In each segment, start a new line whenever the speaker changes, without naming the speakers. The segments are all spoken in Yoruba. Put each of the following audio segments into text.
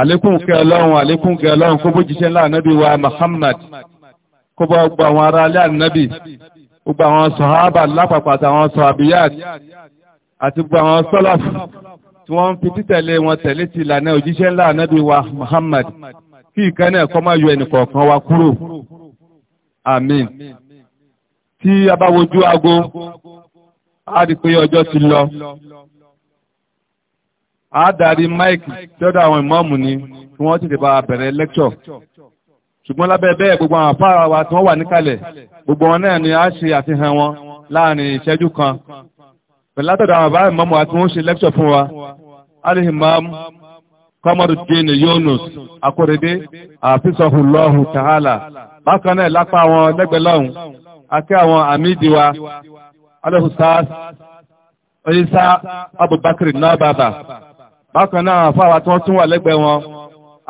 àlékún kẹ ọlọ́run àlékún kẹ ọlọ́run kó bójíṣẹ́ ńlá ànábì wa Muhammad kó bá gbogbo àwọn ará alẹ́ ànábì gbogbo àwọn sọ̀hábà lápapọ̀ àtàwọn sọ̀hábìyàt àti gbogbo àwọn sọ́làf tí wọ́n ń fi títẹ̀lé wọn tẹ̀lé ti ìlànà òjíṣẹ́ ńlá ànábì wa a mike tọ́dọ̀ àwọn ìmọ̀ọ̀mù ni kí wọ́n ti dìbà bẹ̀rẹ̀ lẹ́kṣọ̀ ṣùgbọ́n lábẹ́ bẹ́ẹ̀ gbogbo àwọn afárá wa tí wọ́n wà níkàlẹ̀ gbogbo wọn náà ni a ṣe àfihàn wọn láàrin ìṣẹ́jú kan pẹ̀lú látọ̀dọ̀ àwọn àbá ìmọ̀ọ̀mù àti wọ́n ṣe lẹ́kṣọ̀ fún wa alihimam kọmọdùdín Yunus akóredé àfisọ̀hùnlọ́hùn tàhálà bákan náà lápá àwọn lẹ́gbẹ̀lọ́hùn àti àwọn àmìdí wa Abubakar náà bákan náà fáwa tí wọ́n tún wà lẹ́gbẹ̀ẹ́ wọn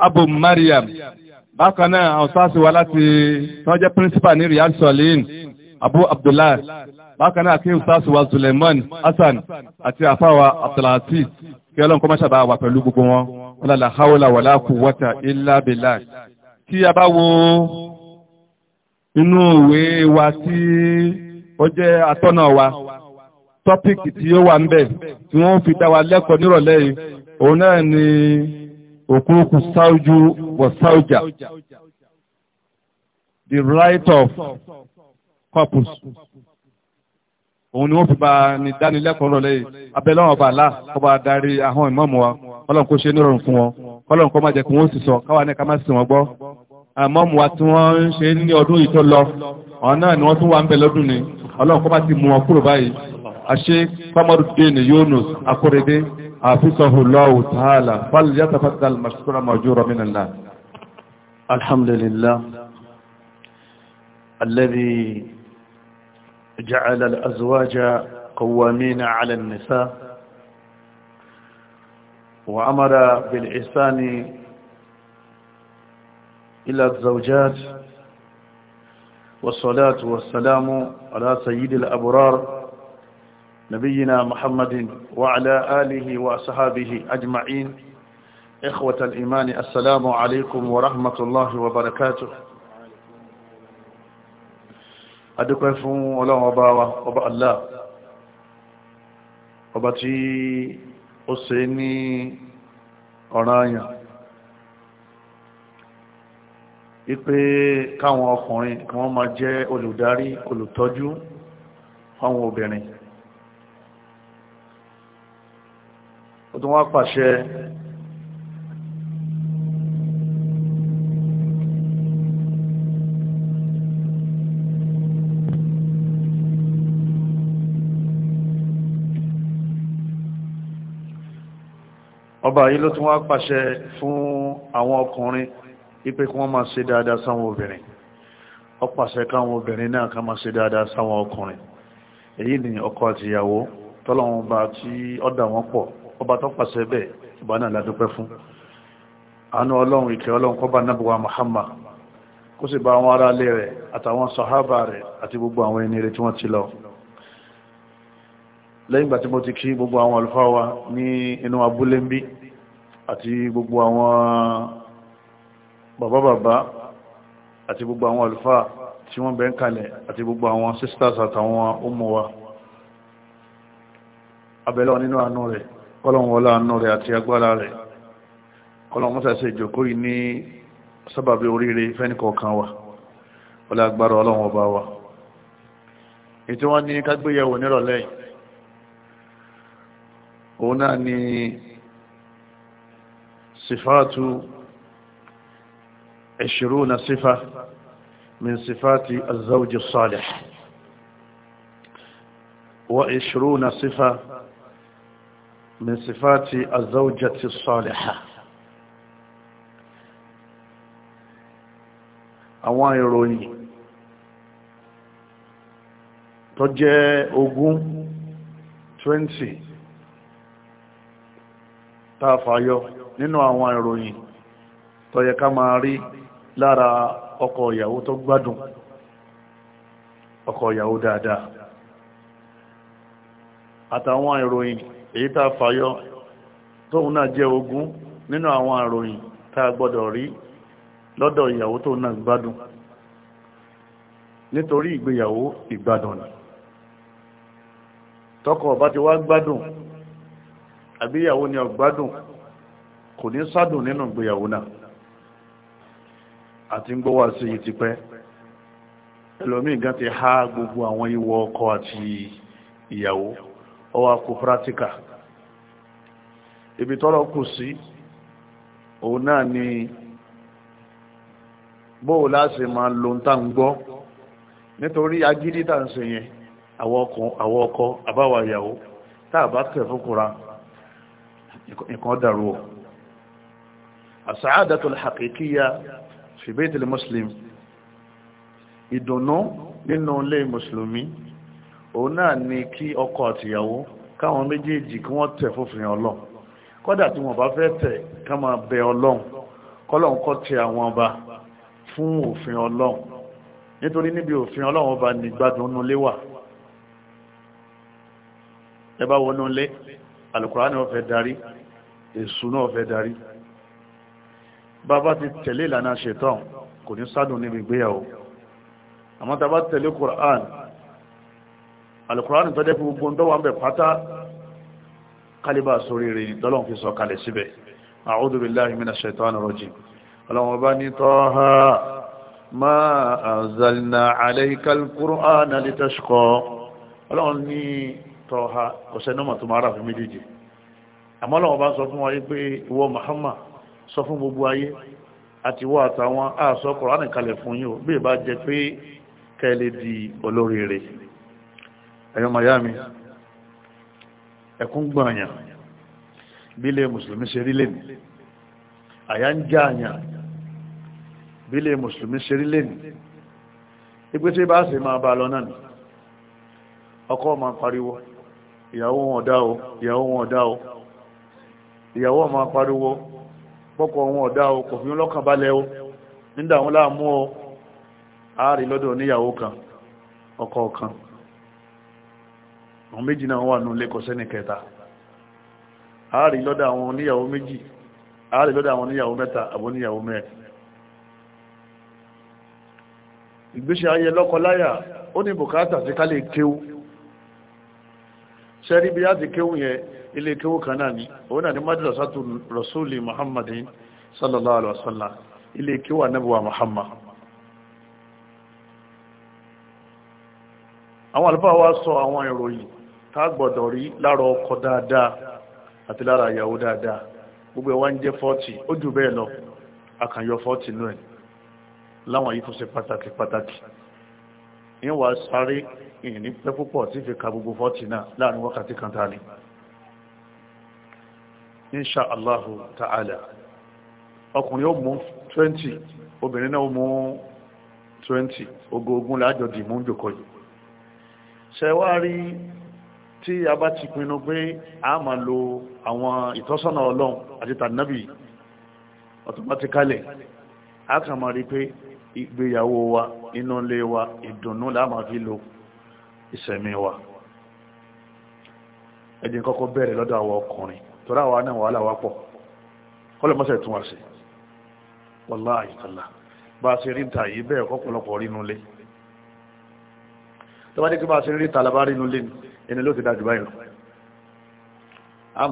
abu mariam bákan náà àwọn sáàsì wa láti tí jẹ́ principal ní riyal solin abu abdullah bákan náà kí sáàsì wa suleiman hassan àti àfáwa abdulhasi kí ọlọ́run kọ́ máṣàbá wà pẹ̀lú gbogbo wọn wọn lálẹ́ haula wàlá quwwata illa billah tí a bá wo inú ìwé wa tí ó jẹ́ atọ́nà wa tọ́píkì tí ó wà ń bẹ̀ tí wọ́n fi dá wa lẹ́kọ̀ọ́ nírọ̀lẹ́ yìí òun náà ni òkúrukù sáójú wọ sáójà the right of couples òun ni wọ́n fi bá ní dánilẹ́kọ̀ọ́ rọ̀ lẹ́yìn abẹ́lọ́wọ̀n ọba àlá ọba adarí ahọ́n ìmọ̀ọ̀mù wa kọ́lọ̀n kó ṣe nírọ̀rùn fún wọn kọ́lọ̀n kó má jẹ́ kí wọ́n sì sọ káwa ní ká má sì wọ́n gbọ́ àmọ́ọ̀mù wa tí wọ́n ń ṣe ní ọdún yìí lọ ọ̀hún náà ni wọ́n tún wà ń bẹ lọ́dún ni ọlọ́run kó má ti mú wọn kúrò báyìí àṣé Kamaruddin Yunus Akorede عافته الله تعالى فليتفضل مشكورا مأجورا من الله الحمد لله
الذي جعل الأزواج قوامين على النساء وأمر بالإحسان إلى الزوجات والصلاة والسلام على سيد الأبرار نبينا محمد وعلى آله وأصحابه أجمعين إخوة الإيمان السلام عليكم ورحمة الله وبركاته adúpẹ́ fún ọlọ́run ọba wa ọba Allah ọba tí ó ṣe ní ọ̀ranyàn ipé káwọn ọkùnrin kí wọ́n máa jẹ́ olùdarí olùtọ́jú fáwọn obìnrin ó tún wá pàṣẹ ọba yìí ló tún wá pàṣẹ fún àwọn ọkùnrin ipé kí wọ́n máa ṣe dáadáa sáwọn obìnrin ó pàṣẹ káwọn obìnrin náà ká máa ṣe dáadáa sáwọn ọkùnrin èyí ni ọkọ àti ìyàwó tọ́lọ́wọ́n bá tí ó dà pọ̀ ọba tó pàṣẹ bẹ́ẹ̀ ìbá náà ládúpẹ́ fún àánú ọlọ́run ìkẹ́ ọlọ́run kọ́ba nábùwà Muhammad kó sì bá àwọn ará ilé rẹ̀ àtàwọn sàhábà rẹ̀ àti gbogbo àwọn ẹni rẹ̀ tí wọ́n ti lọ lẹ́yìn gbà tí mo ti kí gbogbo àwọn àlùfáà wa ní inú abúlé ń bí àti gbogbo àwọn bàbá bàbá àti gbogbo àwọn àlùfáà tí wọ́n bẹ̀ ń kalẹ̀ àti gbogbo àwọn sisters àtàwọn ọmọ wa abẹ́lẹ́ nínú àánú rẹ̀ kọ́lọ̀wọ̀n wọlá àánú rẹ̀ àti agbára rẹ̀ kọ́lọ̀wọ̀n sàṣẹ ìjòkó yìí ní sábàbí oríire fẹ́nìkọ̀ọ̀kan wa wọlá agbára ọlọ́wọ̀n ọba wa ètí wọ́n ní kágbéyẹ̀wò nírọ̀lẹ́ yìí òun náà ni sifáàtù ishiruna sífà min sifáàtì az salih wa ishiruna sífà من صفات الزوجة الصالحة àwọn ìròyìn tó jẹ́ ogún 20 tá fàyọ nínú àwọn ìròyìn tó yẹ ká máa rí lára ọkọ ìyàwó tó gbádùn ọkọ ìyàwó dáadáa àtàwọn ìròyìn èyí tá a fàyọ tóun náà jẹ́ ogún nínú àwọn àròyìn tá a gbọ́dọ̀ rí lọ́dọ̀ ìyàwó tóun náà gbádùn nítorí ìgbéyàwó ìgbádùn ni tọkọ bá ti wá gbádùn àbí ìyàwó ni ọgbádùn kò ní sádùn nínú ìgbéyàwó náà àti ń gbówà sí yìí ti ẹlòmíì gan ti há gbogbo àwọn ìwọ ọkọ àti ìyàwó ọwọ́ akú pratica ibi tọ́rọ kù sí òun náà ni bóò láti máa lo ń tàn gbọ́ nítorí agídí ń ṣe yẹn àwọn ọkọ àbáwà ìyàwó táà bá fúnkura nǹkan dàrú ọ̀ àsáàdàtò àkèkíyà fi baytil ìdùnnú nínú ilé mùsùlùmí òun náà ni kí ọkọ àtìyàwó káwọn méjèèjì kí wọ́n tẹ̀ fófin ọlọ́run kọ́dà tí wọ́n bá fẹ́ tẹ̀ ká máa bẹ ọlọ́run kọ́lọ́run kọ́ tẹ àwọn ọba fún òfin ọlọ́run nítorí níbi òfin ọlọ́run ọba ní gbádùn nulé wà ẹ bá wọnú lé alukura náà fẹ́ darí èṣù náà fẹ́ darí bàbá ti tẹ̀lé ìlànà ṣetán kò ní sádùn níbi ìgbéyàwó àmọ́ bá tẹ̀lé Qur'an alukurani tó dẹ́kun gbogbo ńdọ́wà ń bẹ̀ pátá kálíbà sórí rẹ̀ dọ́lọ́n fi sọ kalẹ̀ síbẹ̀ a'udhu billahi minash shaitani rajim ọlọ́wọ́n bá ní tọ́ha ma anzalna alayka al-Qur'ana litashqa ọlọ́wọ́n ní tọ́ha ọ̀sẹ̀ náà tó máa rà fún méjèèjì àmọ́ ọlọ́wọ́n bá sọ fún gbogbo ayé àti wọ́n àtàwọn àṣọ kalẹ̀ fún yín bí ì bá jẹ pé kẹ́lẹ́ di olóríire ẹ̀yọ́ miami ẹ̀kún gbọ̀nyàn bílẹ̀ mùsùlùmí ṣe rí lẹ́nu àyà ń já àyàn bílẹ̀ mùsùlùmí ṣe rí lẹ́nu ipé tí bá sì máa bá lọ náà ọkọ máa pariwo ìyàwó wọn ọ̀dá o ìyàwó wọn ọ̀dá o ìyàwó máa pariwo pọ́kọ̀ wọn ọ̀dá o kò fi lọ́kàn balẹ̀ o nígbà wọn láàmú o ààrí lọ́dọ̀ oníyàwó kan ọkọ kan àwọn méjì náà wà ní ilé kọsẹ́ni kẹta ààrí lọ́dọ̀ àwọn oníyàwó méjì ààrí lọ́dọ̀ àwọn oníyàwó mẹ́ta àbọ̀ oníyàwó mẹ́rin ìgbésí ayé lọ́kọláyà ó ní bùkátà sí ká lè kéwú sẹ́rí bí láti kéwú yẹn ilé kéwú kan náà ni òun náà ni madrasatu rasuli muhammadin sallallahu alaihi wasallam ilé kéwú anabuwa muhammad àwọn àlùfáà wa sọ àwọn ìròyìn tá a gbọ́dọ̀ rí lára ọkọ dáadáa àti lára ìyàwó dáadáa gbogbo ẹ̀ wá ń jẹ́ 40 ó jù bẹ́ẹ̀ lọ àkànyọ 40 nú ẹ̀ láwọn yìí tó ṣe pàtàkì pàtàkì ní wà sáré ìní pẹ́ púpọ̀ tí fi ka gbogbo 40 náà láàrin wákàtí kan tá insha Allahu ta'ala ọkùnrin ó mú 20 obìnrin náà ó mú 20 ogógún láàjọ dìmú jòkó yìí ṣẹwárí tí a bá ti pinnu pé a máa lo àwọn ìtọ́sọ́nà ọlọ́run àti tànàbì automatically a kàn máa rí pé ìgbéyàwó wa inú ilé wa ìdùnnú la máa fi lo ìṣẹ̀mí wa ẹ̀dìn kọ́kọ́ bẹ̀rẹ̀ lọ́dọ̀ àwọn ọkùnrin tọ́rọ àwọn náà wà láwá pọ̀ kọ́lọ̀ mọ́sẹ̀ tún wá sí wàláhì tàlá bá a ṣe rí ta yìí bẹ́ẹ̀ kọ́pọ̀lọpọ̀ rínú lé tọ́bá dé kí bá a ṣe rí ta lábá rínú lé ni ẹni ló ti dájú báyìí lọ a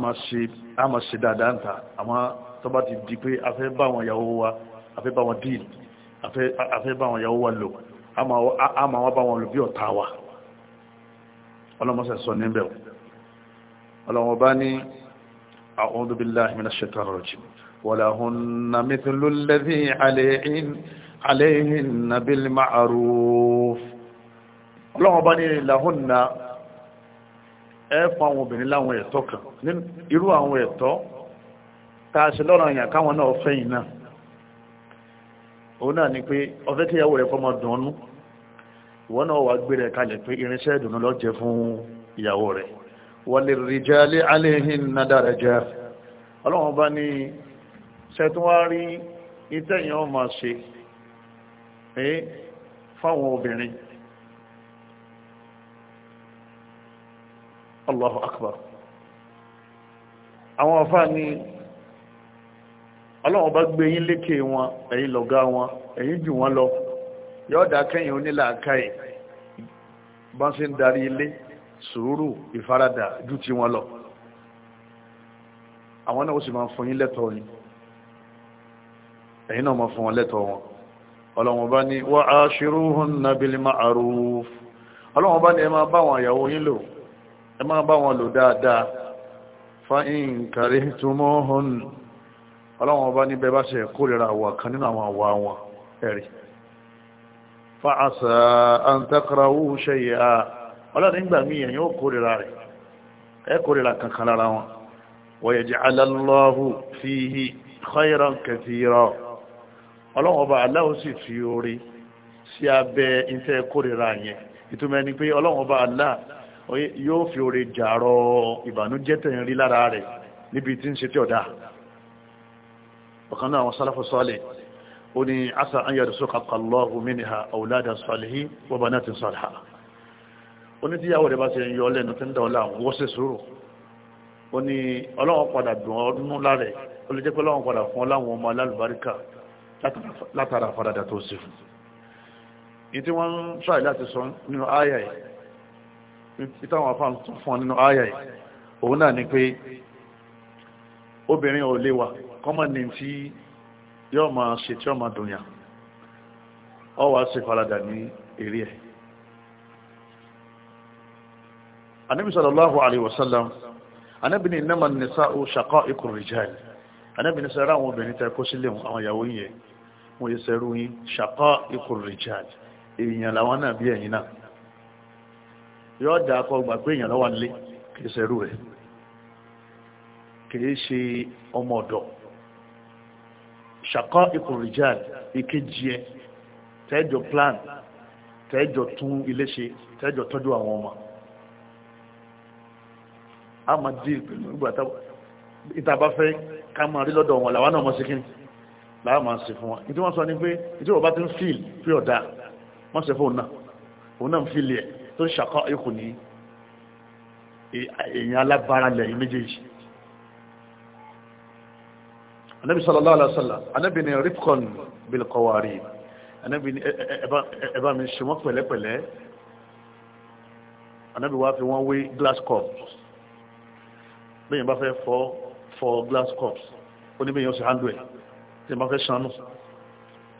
máa ṣe dáadáa ń ta àmọ́ tó bá ti di pé a fẹ́ bá wọn yàwó wa a fẹ́ bá wọn díìl a bá wọn yàwó wa lò a máa wá bá wọn lò bí ọ̀tá wa ọlọ́mọsẹ̀ sọ níbẹ̀ ọlọ́wọ́ bá ní a'udhu billahi minash shaitani rajim ولهن مثل الذي عليهن عليهن بالمعروف ọlọ́wọ́ bá ní lahunna ẹ fún àwọn obìnrin láwọn ẹ̀tọ́ kan irú àwọn ẹ̀tọ́ tá a ṣe lọ́rọ̀ àyàn káwọn náà fẹ́yìn náà òun náà ni pé ọfẹ́ tí ìyàwó rẹ̀ fọmọ dùnú ìwọ náà wà gbé kalẹ̀ pé irinṣẹ́ ìdùnnú lọ jẹ fún ìyàwó rẹ̀ walirrijali alayhinna daraja ọlọ́wọ́n bá Allahu akbar àwọn ọ̀fà ni ọlọ́run bá gbé yín lékè wọn ẹ̀yin lọ̀gá wọn ẹ̀yin jù wọn lọ yọ́ọ̀dá kẹ́yìn onílàákàyè bá ń ṣe ń darí ilé sùúrù ìfaradà jù ti wọn lọ àwọn náà ó sì máa fún yín lẹ́tọ̀ọ́ yín ẹ̀yin náà máa fún wọn lẹ́tọ̀ọ́ wọn ọlọ́run bá ní wa ashiruhunna bil ma'ruf ọlọ́run bá ní ẹ máa bá àwọn yín lò ẹ máa bá wọn lò dáadáa fa'in kàrí tó mọ́ hàn ọlọ́wọ́n bá níbẹ̀ bá ṣe kórìíra àwà kan nínú àwọn àwà wọn ẹ̀rì fa'asa an takarawu ṣe yẹ a ọlọ́rin nígbà mí ẹ̀yìn ó kórìíra rẹ̀ ẹ kórìíra kankan lára wọn wọ́n yẹ jẹ́ alálọ́hù fihi khairan kathira ọlọ́wọ́n bá aláwọ̀ sì fi orí sí abẹ́ ìfẹ́ kórìíra yẹn ìtumẹ̀ ni pé ọlọ́wọ́n bá aláà yóò fi oore jàrọ ìbànújẹ́ tẹ̀ ń rí lára rẹ̀ níbi tí ń ṣe tí ọ̀dá ọ̀kan náà àwọn sálàfù ó ní asa an yarzuqa Allahu minha awladan salihin wa banatin salihat ó ní tíyàwó rẹ̀ bá ti yọ lẹ́nu tí ń dà ọlá àwọn wọ́sẹ̀ sùúrù ó ní ọlọ́wọ́n padà dùn ọdún lára ó lè jẹ́ pé ọlọ́wọ́n padà ìtàwọn afá ń tún fún ọ nínú àyà yìí òun náà ni pé obìnrin ò lè wà kọ́mọ̀ ní tí yóò máa ṣe tí yóò máa dùn yàn ọ wá ṣe faradà ní eré ẹ̀ anabi sallallahu alayhi wa sallam anabi ni innama nisa'u shaqa'iqur rijal anabi sẹ́rẹ́ àwọn obìnrin tẹ́ kó sílẹ̀ àwọn ìyàwó yẹn wọ́n yẹ sẹ́rú yín shaqa'iqur rijal èèyàn làwọn náà bí ẹ̀yin náà yóò dà kọ gbà pé èèyàn lọ́wọ́ nílé kìí ṣerú rẹ̀ kìí ṣe ọmọ ọ̀dọ̀ ṣàkọ́ ìkòrìjáàd ìkejì ẹ tẹ́jọ plan tẹ́jọ tún ilé ṣe tẹ́jọ tọ́jú àwọn ọmọ a máa dí pẹ̀lú ìgbà ìtàbá fẹ́ ká máa rí lọ́dọ̀ wọn làwọn náà mọ́ sí kí láwọn máa ṣe fún wọn ìdí wọ́n sọ ní pé ìdí wọ́n bá ti ń fíìl pí ọ̀dà wọ́n ṣe fún òun náà òun náà ń fíìl yẹn tó ṣàkọ́ ikù ní èyàn alábára lẹ́yìn méjèèjì anábi sallallahu alaihi wasallam anábi ni ripcon bilkọwari anábi ni ẹba mi ṣe wọ́n pẹ̀lẹ́pẹ̀lẹ́ anábi wá fi wọ́n wé glass cup bẹ́yìn bá fẹ́ fọ́ fọ́ glass cup ó ní bẹ́yìn ó sì handle ẹ̀ tí bá fẹ́ ṣanú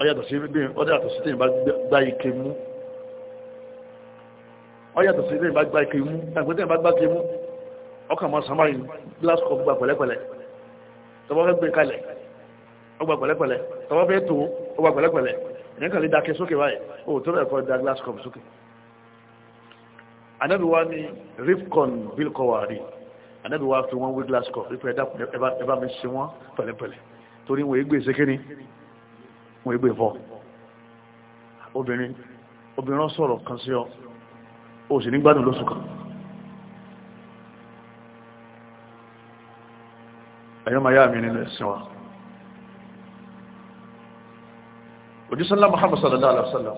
ọ yàtọ̀ sí bí ọdẹ àtọ̀ sí tí bá gbá ike mú ọyàtọ̀ sí ilé ìbágbá ike mú àgbẹ̀tẹ̀ ìbágbá ike mú ọkà máa sàmárì glass cup gba pẹ̀lẹ́pẹ̀lẹ́ tọwọ́ fẹ́ gbé kalẹ̀ ọgbà pẹ̀lẹ́pẹ̀lẹ́ tọwọ́ fẹ́ tó ọgbà pẹ̀lẹ́pẹ̀lẹ́ ìyẹn kàn da kẹ sókè báyìí ó tó da glass cup sókè anabi ni ripcon bill kọwari anabi wa fi wọn wí glass cup ife ẹ̀dá ẹ bá mi ṣe wọn pẹ̀lẹ́pẹ̀lẹ́ torí wọn ègbè sékéni wọn ègbè fọ obìnrin obìnrin sọ̀rọ̀ kan sí ọ o sì ní gbádùn lóṣù kan ẹ̀yọ́ ma yá mi nínú ẹ̀sìn wa òjísọ́lá Muhammad sallallahu alaihi wasallam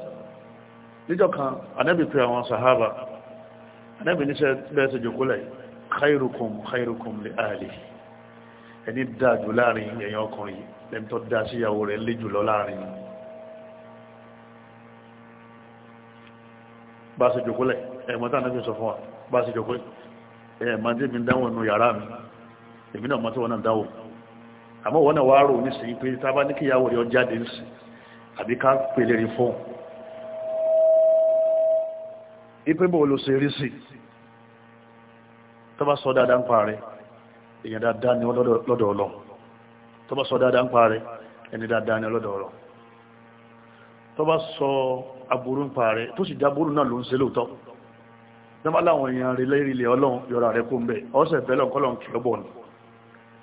níjọ́ kan anẹ́bì pé àwọn sahaba anẹ́bì níṣẹ́ bẹ́ẹ̀sẹ̀ ẹni dáadù láàrin èèyàn ọkùnrin lẹ́ni tó dá síyàwó rẹ̀ lé jùlọ láàrin bá ṣe jòkólẹ̀ ẹ̀mọ́ta náà fi sọ fún wa bá sì jọ pé ẹ̀mọ́ tí mi dáwọ̀ nù yàrá mi èmi náà mọ́ tí wọ́n náà dáwọ̀ àmọ́ wọ́n náà wá rò ní sí pé tábà ní kíyàwó rẹ̀ jáde ní sí àbí ká pèlè rí fún ipé bò ló ṣe rí sí tó bá sọ dáadáa ń pa rẹ̀ èèyàn dáadáa ni lọ́dọ̀ ọlọ́ tó bá sọ dáadáa ń pa rẹ̀ ẹni dáadáa ni lọ́dọ̀ ọlọ́ tó bá sọ aburú ń pa rẹ̀ tó sì dáburú náà ló ń ṣe lóòótọ́ tẹ́mọ́ láwọn èèyàn rí lérí ilẹ̀ ọlọ́run yọra rẹ̀ kó ń bẹ̀ ọ́sẹ̀ bẹ́ẹ̀ lọ́kọ́lọ́ kìlọ́bọ̀ ni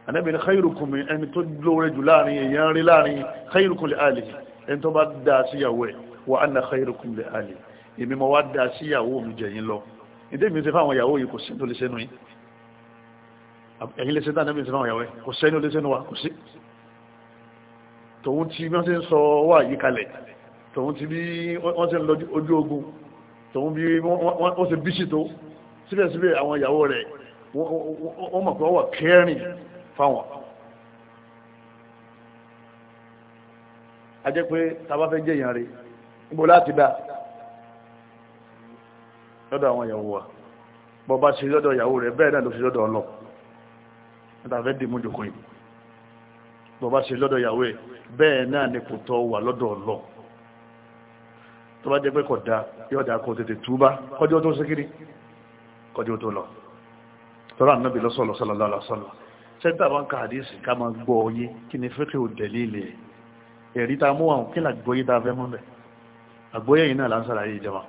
anábìrin khairukum ẹni tó lóore jù láàrin èèyàn rí láàrin khairukum lè àlè ẹni tó bá dáa síyàwó ẹ̀ wà á na khairukum lè àlè èmi mo wá dáa síyàwó mi jẹ̀yìn lọ ìdí mi ti fáwọn ìyàwó yìí kò sí tó lè sẹ́nu yìí ẹ̀yin tòun bí wọ́n ṣe bíṣì tó síbẹ̀síbẹ̀ àwọn ìyàwó rẹ̀ wọ́n mọ̀ pé wọ́n wà kẹrin fáwọn a jẹ́ pé tàbá fẹ́ jẹ́ ìyàn rẹ̀ láti dá lọ́dọ̀ àwọn ìyàwó wa bọ́ bá ṣe lọ́dọ̀ ìyàwó rẹ̀ bẹ́ẹ̀ náà ló ṣe lọ́dọ̀ ọlọ́ látàfẹ́ dì jòkó yìí bọ́ bá ṣe lọ́dọ̀ ìyàwó rẹ̀ bẹ́ẹ̀ náà ni kò tọ́ wà lọ́dọ̀ ọlọ́ọ̀ tó bá jẹ́ pé kò dá yóò dá kó tètè túbá kọjọ́ tó sékiri kọjọ́ tó lọ tọ́rọ ànábì lọ́sọ̀lọ́ sallallahu alaihi wasallam sẹ́ńtà bá ń ka àdísì ká máa gbọ́ ọyé kí ni fẹ́kẹ́ ò dẹ̀lé ilẹ̀ ẹ̀rí ta mú àwọn kí là gbọ́yé ta fẹ́ mọ́ bẹ̀ àgbọ́yé yìí náà là ń sára yìí jẹma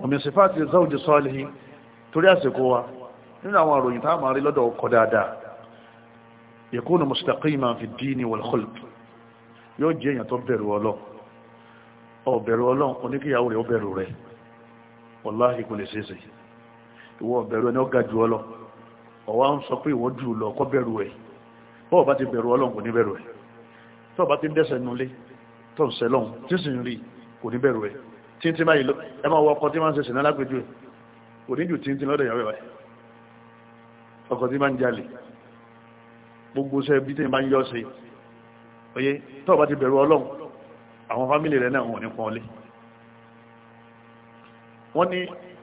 ọmọ ìsìnfà ti zawji salihin torí àsìkò wa nínú àwọn àròyìn tá a máa rí lọ́dọ̀ ọkọ dáadáa yakunu mustaqiman fi ddini wal khulq yóò jẹ́ èèyàn tó bẹ̀rù Ọlọ́run ọ̀bẹ̀rù ọlọ́run oníkíyàwó rẹ̀ ọ̀bẹ̀rù rẹ̀ wàláhì kò lè ṣeéṣe ìwọ ọ̀bẹ̀rù ẹni ọ̀gá jù ọlọ ọ̀wá ń sọ pé ìwọ jù lọ kọ́ bẹ̀rù ẹ̀ bọ́ọ̀ bá ti bẹ̀rù ọlọ́run kò ní bẹ̀rù ẹ̀ tọ́ọ̀ bá ti ń dẹ́sẹ̀ nulẹ̀ tọ́ọ̀ sẹ́ lọ́hùn tí sì ń rí kò ní bẹ̀rù ẹ̀ títí báyìí ẹ máa wọ ọkọ tí máa ń ṣe sìnà lágbèjú ẹ̀ kò ní jù títí lọ́dọ̀ ìyàwó tọ́ọ̀ bá ti bẹ̀rù ọlọ́run àwọn fámìlì rẹ̀ náà wọ́n ní pọ́nlé wọ́n ní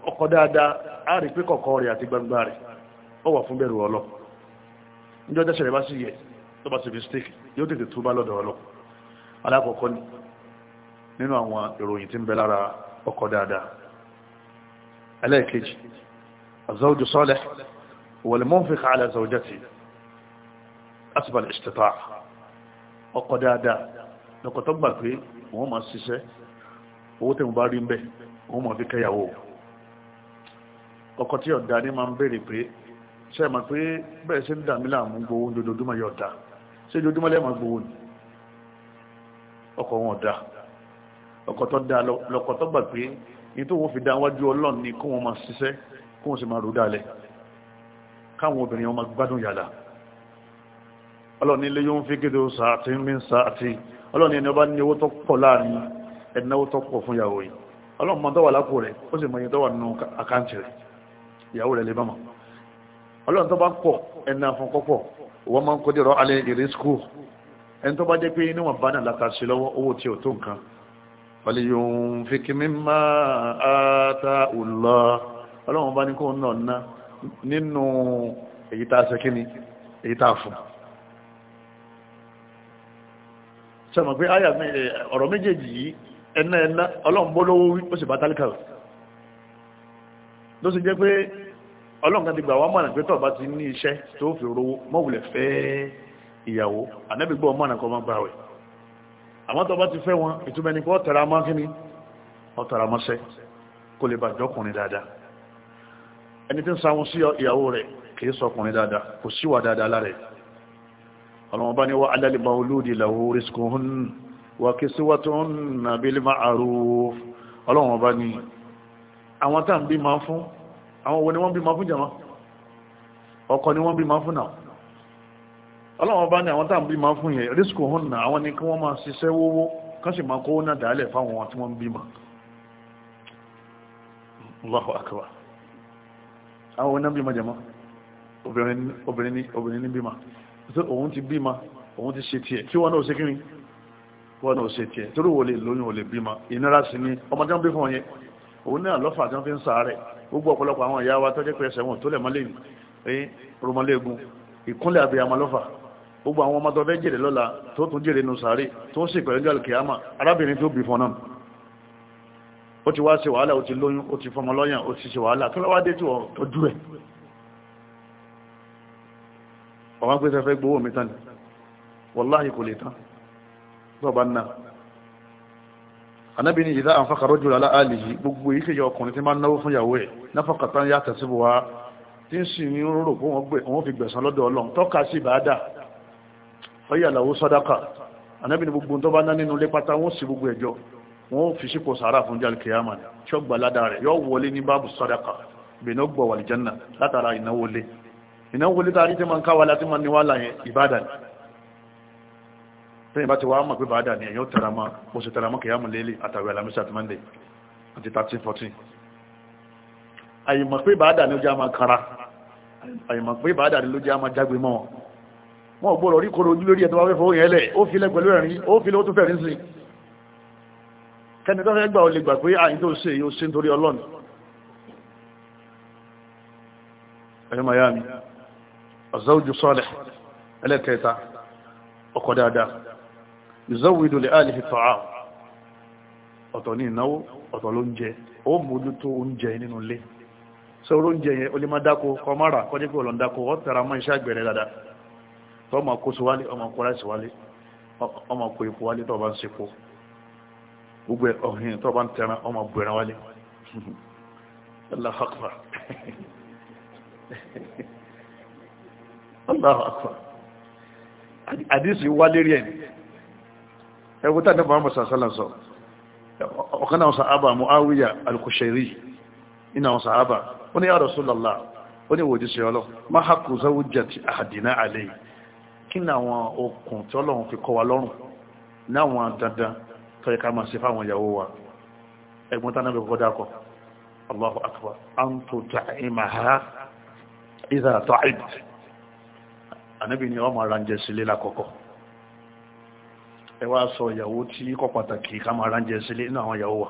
ọkọ dáadáa á rí pé kọ̀kọ́ rẹ̀ àti gbangba rẹ̀ ó wà fún bẹ̀rù ọlọ́ níjọ́ tẹ́sẹ̀ rẹ̀ bá sì yẹ tó bá sì fi steak yóò tètè tú bá lọ́dọ̀ ọlọ́ alákọ̀ọ́kọ́ ni nínú àwọn ìròyìn tí ń bẹ lára ọkọ dáadáa ẹlẹ́ẹ̀kejì azawju salih wal munfiq ala zawjati asbal istita'a ọkọ dáadáa lọ́kọ̀tọ́ gbà pé wọ́n máa ṣiṣẹ́ owó tẹ̀wọ̀n bá rí ń bẹ̀ wọ́n máa fi kẹ́yàwó ọkọ tí ọ̀dà ni máa ń béèrè pé ṣe mọ̀ pé bẹ́ẹ̀ ṣe ń dàmí láàmú gbowó lójoojúmọ́ yóò dá ṣé lójoojúmọ́ lẹ́ẹ̀mọ́ gbowó ni ọkọ wọn dá ọkọ tó dá lọkọ tó gbà pé ní tó wọ́n fi dá wájú ọlọ́run kó wọn máa ṣiṣẹ́ kó ọlọ́run ẹni ọba ní owó tó pọ̀ láàrin ẹ̀náwó tó pọ̀ fún ìyàwó yìí ọlọ́run mọ́ tọ́wà lápò rẹ̀ ó sì mọ iye tọ́wà nínú àkáǹtì rẹ̀ ìyàwó rẹ̀ lè bá mọ̀ ọlọ́run tó bá pọ̀ ẹ̀nà fún kọ́pọ̀ wọ́n máa ń kó dìrọ̀ alẹ́ ìrè skul ẹni tó bá jẹ́ pé níwọ̀n bá náà láta sí lọ́wọ́ owó tí ò tó nǹkan wàlẹ̀ yóò fi kí mi máa ta òlọ ọlọ́run bá ní kó náà ná nínú èyí tá a ṣe kíni èyí tá a fún un sọmọ pé àyà mi ọ̀rọ̀ méjèèjì yìí ẹ̀nà ẹ̀nà ọlọ́mbólówó wí ó sì bá tálíkà rẹ̀ ló sì jẹ́ pé ọlọ́nkan ti gbà wá mọ̀nà pé tọ́ọ̀bá ti ní iṣẹ́ tó fi rówó mọ́wùlẹ̀ fẹ́ ìyàwó ànábì gbọ́ mọ̀nà kan máa bá rẹ̀ àmọ́ tọ́ọ̀bá ti fẹ́ wọn ìtumẹ̀ ni pé ọ̀tara máa kí ni ọ̀tara mọ́ṣẹ́ kó lè bàjọ́ ọkùnrin dáadáa ẹni tí ń sa sí ìyàwó rẹ̀ kì í sọ ọkùnrin dáadáa kò síwà dáadáa lára rẹ̀ ọlọ́wọ́n bá ní wá alálìbá olóòdì lahu rizquhun wa kiswatuhunna bil ma'ruf ọlọ́wọ́n bá ní àwọn tá ń bí máa fún àwọn wo ni wọ́n bí máa fún jàmá ọkọ ni wọ́n bí máa fún náà ọlọ́wọ́n àwọn tá ń bí máa fún tó òun ti bímọ òun ti ṣe tiẹ̀ kí wọ́n náà ṣe kíni wọ́n náà ṣe tiẹ̀ torí wò lè lóyún wò lè bímọ ìnira sí ni ọmọdé wọn bí fún ọ yẹn òun náà lọ́fà tí wọ́n fi ń sàárẹ̀ gbogbo ọ̀pọ̀lọpọ̀ àwọn ìyá wa tó jẹ́ pé ẹsẹ̀ wọn tó lẹ̀ mọ́lẹ̀ ní rọmọlẹ́gun ìkúnlẹ̀ abiyamọ lọ́fà gbogbo àwọn ọmọ tó fẹ́ jèrè lọ́la tó tún jèrè nù sàárẹ̀ tó ń sì pẹ̀lú jọ́ kìámà arábìnrin tó bì fún náà ó ti wá ṣe wàhálà ó ti lóyún ó ti fọmọ lọ́yàn ó ti ṣe wàhálà kí ló tí wọ́n tọ́jú ẹ̀ ọmọ pé fẹ́fẹ́ gbowó mi tán ni wàláhì kò lè tán lọ́ba náà anábì ní ìdá àǹfàkà rọ́jò alá àlè yìí gbogbo èyí kejì ọkùnrin tí máa náwó fún ìyàwó ẹ̀ náfàkà tán yá tẹ̀síbò wa tí ń sì ní rò pé wọ́n fi gbẹ̀sán lọ́dọ̀ ọlọ́run tọ́ka sí ìbáadà ọyẹ àlàwó sọ́dáka anábì ní gbogbo tó bá ná nínú ilé pátá wọ́n sì gbogbo ẹ̀jọ́ wọ́n ìnáwó lítà rí tí ma ń káwà láti ma níwàlá yẹn ìbádàn tẹ́yìn bá ti wá mọ̀ pé bàádà ni èyàn tẹ̀ra ma bó ṣe tẹ̀ra mọ́ kìyàmù lélẹ̀ àtàwé alamisa àti monday àti 13-14 àyìmọ̀ pé bàádà ni ó jẹ́ àmà kara àyìmọ̀ pé bàádà ni ló jẹ́ àmà jágbe mọ́ wọn ò gbọ́dọ̀ rí koro ojú lórí ẹ̀tọ́ wá fẹ́ fowó yẹn lẹ̀ ó fi lẹ́gbẹ̀lú ẹ̀rín ó fi lówó tó fẹ́ rí sí kẹ́ni tó fẹ́ gbà ó lè gbà pé àyìn tó ṣe yóò ṣe nítorí ọlọ́run ẹ̀yọ́ azawju salih ẹlẹ́kẹta ọkọ dáadáa ìzọ́wìdò lè áàlìfì tọ́á ọ̀tọ̀ ní ìnáwó ọ̀tọ̀ ló ń jẹ ó mójútó oúnjẹ nínú ilé sọ oúnjẹ yẹn olè má dákó kọmárà kọjẹ́ pé ọlọ́n dákó ọ tara mọ́ iṣẹ́ àgbẹ̀rẹ̀ dáadáa tó ọmọ kó sí wálé ọmọ kó láìsí wálé ọmọ kó ipò wálé tó bá ń sepò gbogbo ọ̀hìn tó bá ń tẹran ọmọ bẹ̀rẹ̀ wálé Allah akbar Allahu akbar àdísì wá lérí ẹni ẹgbẹ́ tàbí Muhammad sàṣálà sọ ọ̀kan náà sàábà Muawiya al-Kushairi iná sàábà ó ní ya Rasulullah ó ní ìwòjì sí ọlọ́ ma haqqu zawjati ahadina alayhi kí ni àwọn okùn tí ọlọ́run fi kọ́ wa lọ́rùn náwọn dandan tó yẹ ká máa ṣe fáwọn ànábì ni ọmọ ara ń jẹ sílé lákọ̀ọ́kọ́ ẹ wá sọ ìyàwó tí kò pàtàkì ká máa ara ń jẹ sílé inú àwọn ìyàwó wa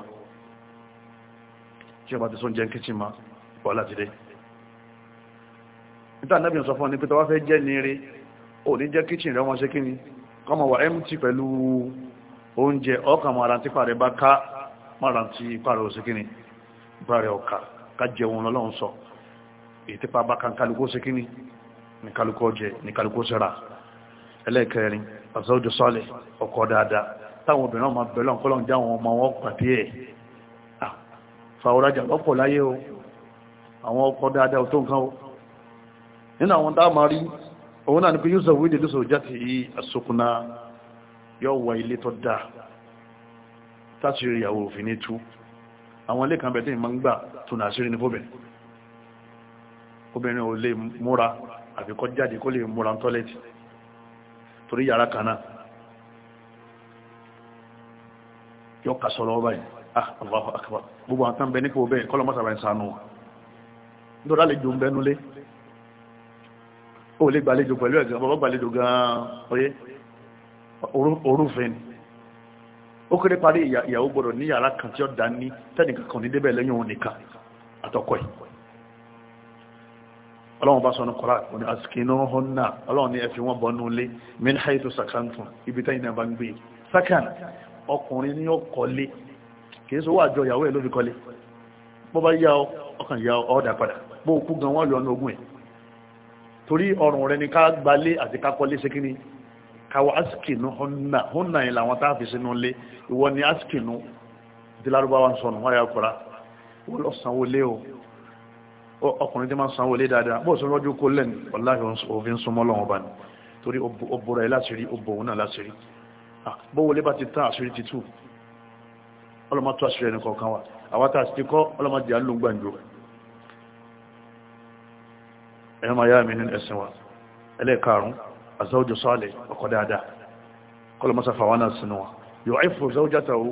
tí ọba ti sọ jẹ́ kíchìn ma wà láti dé níta ànábì sọ fún ọ ní pé tọwọ́ fẹ́ jẹ́ nírí ò ní jẹ́ kíchìn rẹ̀ wọ́n ṣe kíni kọ́mọ wà mt pẹ̀lú oúnjẹ ọkàn máa rántí pàrẹ bá ká máa rántí pàrẹ òsìkíni pàrẹ ọ̀kà ká jẹun lọ́lọ́run sọ ètí pa bá kankalu kó síkíni ní kálukú jẹ ní kálukú sẹ́ra ẹlẹ́ẹ̀kẹrin azọ́jọ sọ́ọ̀lẹ̀ ọkọ dáadáa táwọn obìnrin ọmọ bẹ̀rẹ̀ ọ̀kọ́lọ̀ ń já àwọn ọmọ wọn pàdé ẹ̀ fàwọ́rajà lọ́pọ̀ láyé o àwọn ọkọ dáadáa tó nǹkan o nínú àwọn tá a máa rí òun náà ni pé yóò sọ̀wé ìdílé sọ̀rọ̀ jáde yìí asokuna yóò wọ ilé tó dáa tásìrì òfin ní tú àwọn ilé kan bẹ̀rẹ̀ tí ìmọ̀ àbí kọ́ jáde kó lè múra tọ́lẹ̀tì torí yàrá kanáà yọ kà sọ lọ́wọ́ báyìí ah Allahu akbar gbogbo àwọn tán bẹ nípò bẹ́ẹ̀ kọ́lọ́ mọ́sàbà ń sànú nítorí àlejò ń bẹnu lé ó lè gbàlejò pẹ̀lú ẹ̀gàn bàbá gbàlejò gan-an oyé orúfin ó kéré parí ìyàwó gbọ́dọ̀ ní yàrá kan tí ó dání tẹ́nìkan kan ní débẹ̀ lẹ́yìn òun nìkan àtọkọ ọlọ́run bá sọ ní kọ́lá òní àsìkínú hona ọlọ́run ní ẹ̀fí wọn bọ́nú ilé min haitu sakantun ibi tẹ́yìn náà bá ń gbé sakan ọkùnrin ní ọkọ̀lé kìí sọ wà jọ ìyàwó ẹ̀ ló fi kọ́lé bó bá yá ọkàn yá ọ̀dà padà bó kú gan wọ́n lọ ní ogún ẹ̀ torí ọrùn rẹ ni ká gbalé àti ká kọ́lé sí kíní káwọ àsìkínú hona hona yẹn làwọn tá a fi sínú ilé ìwọ ni àsìkínú ti lárúbáwá sọnù wáyà kọ́ra wọ́n lọ sanwó lé o ọkùnrin tí máa sanwó lé dáadáa bó ṣe rọ́jú kó lẹ́nu ọláhì òfin súnmọ́ lọ́wọ́ bá ní torí ọbọ̀rọ̀ ẹ̀ láti rí ọbọ̀ òun náà láti rí bówó lé bá ti tán àṣírí ti tú ọlọ́mọ tó àṣírí ẹni kọ̀ọ̀kan wa àwátà àti ti kọ́ ọlọ́mọ jẹ́ alóngbàǹjò ẹ̀yọ́ máa yá mi nínú ẹ̀sìn wa ẹlẹ́ẹ̀karùn-ún àzáwójò sọ́ọ̀lẹ̀ ọkọ dáadáa kọlọmọsá fàwọn náà sínú wa yóò ẹ̀fọ́ záwójátàwó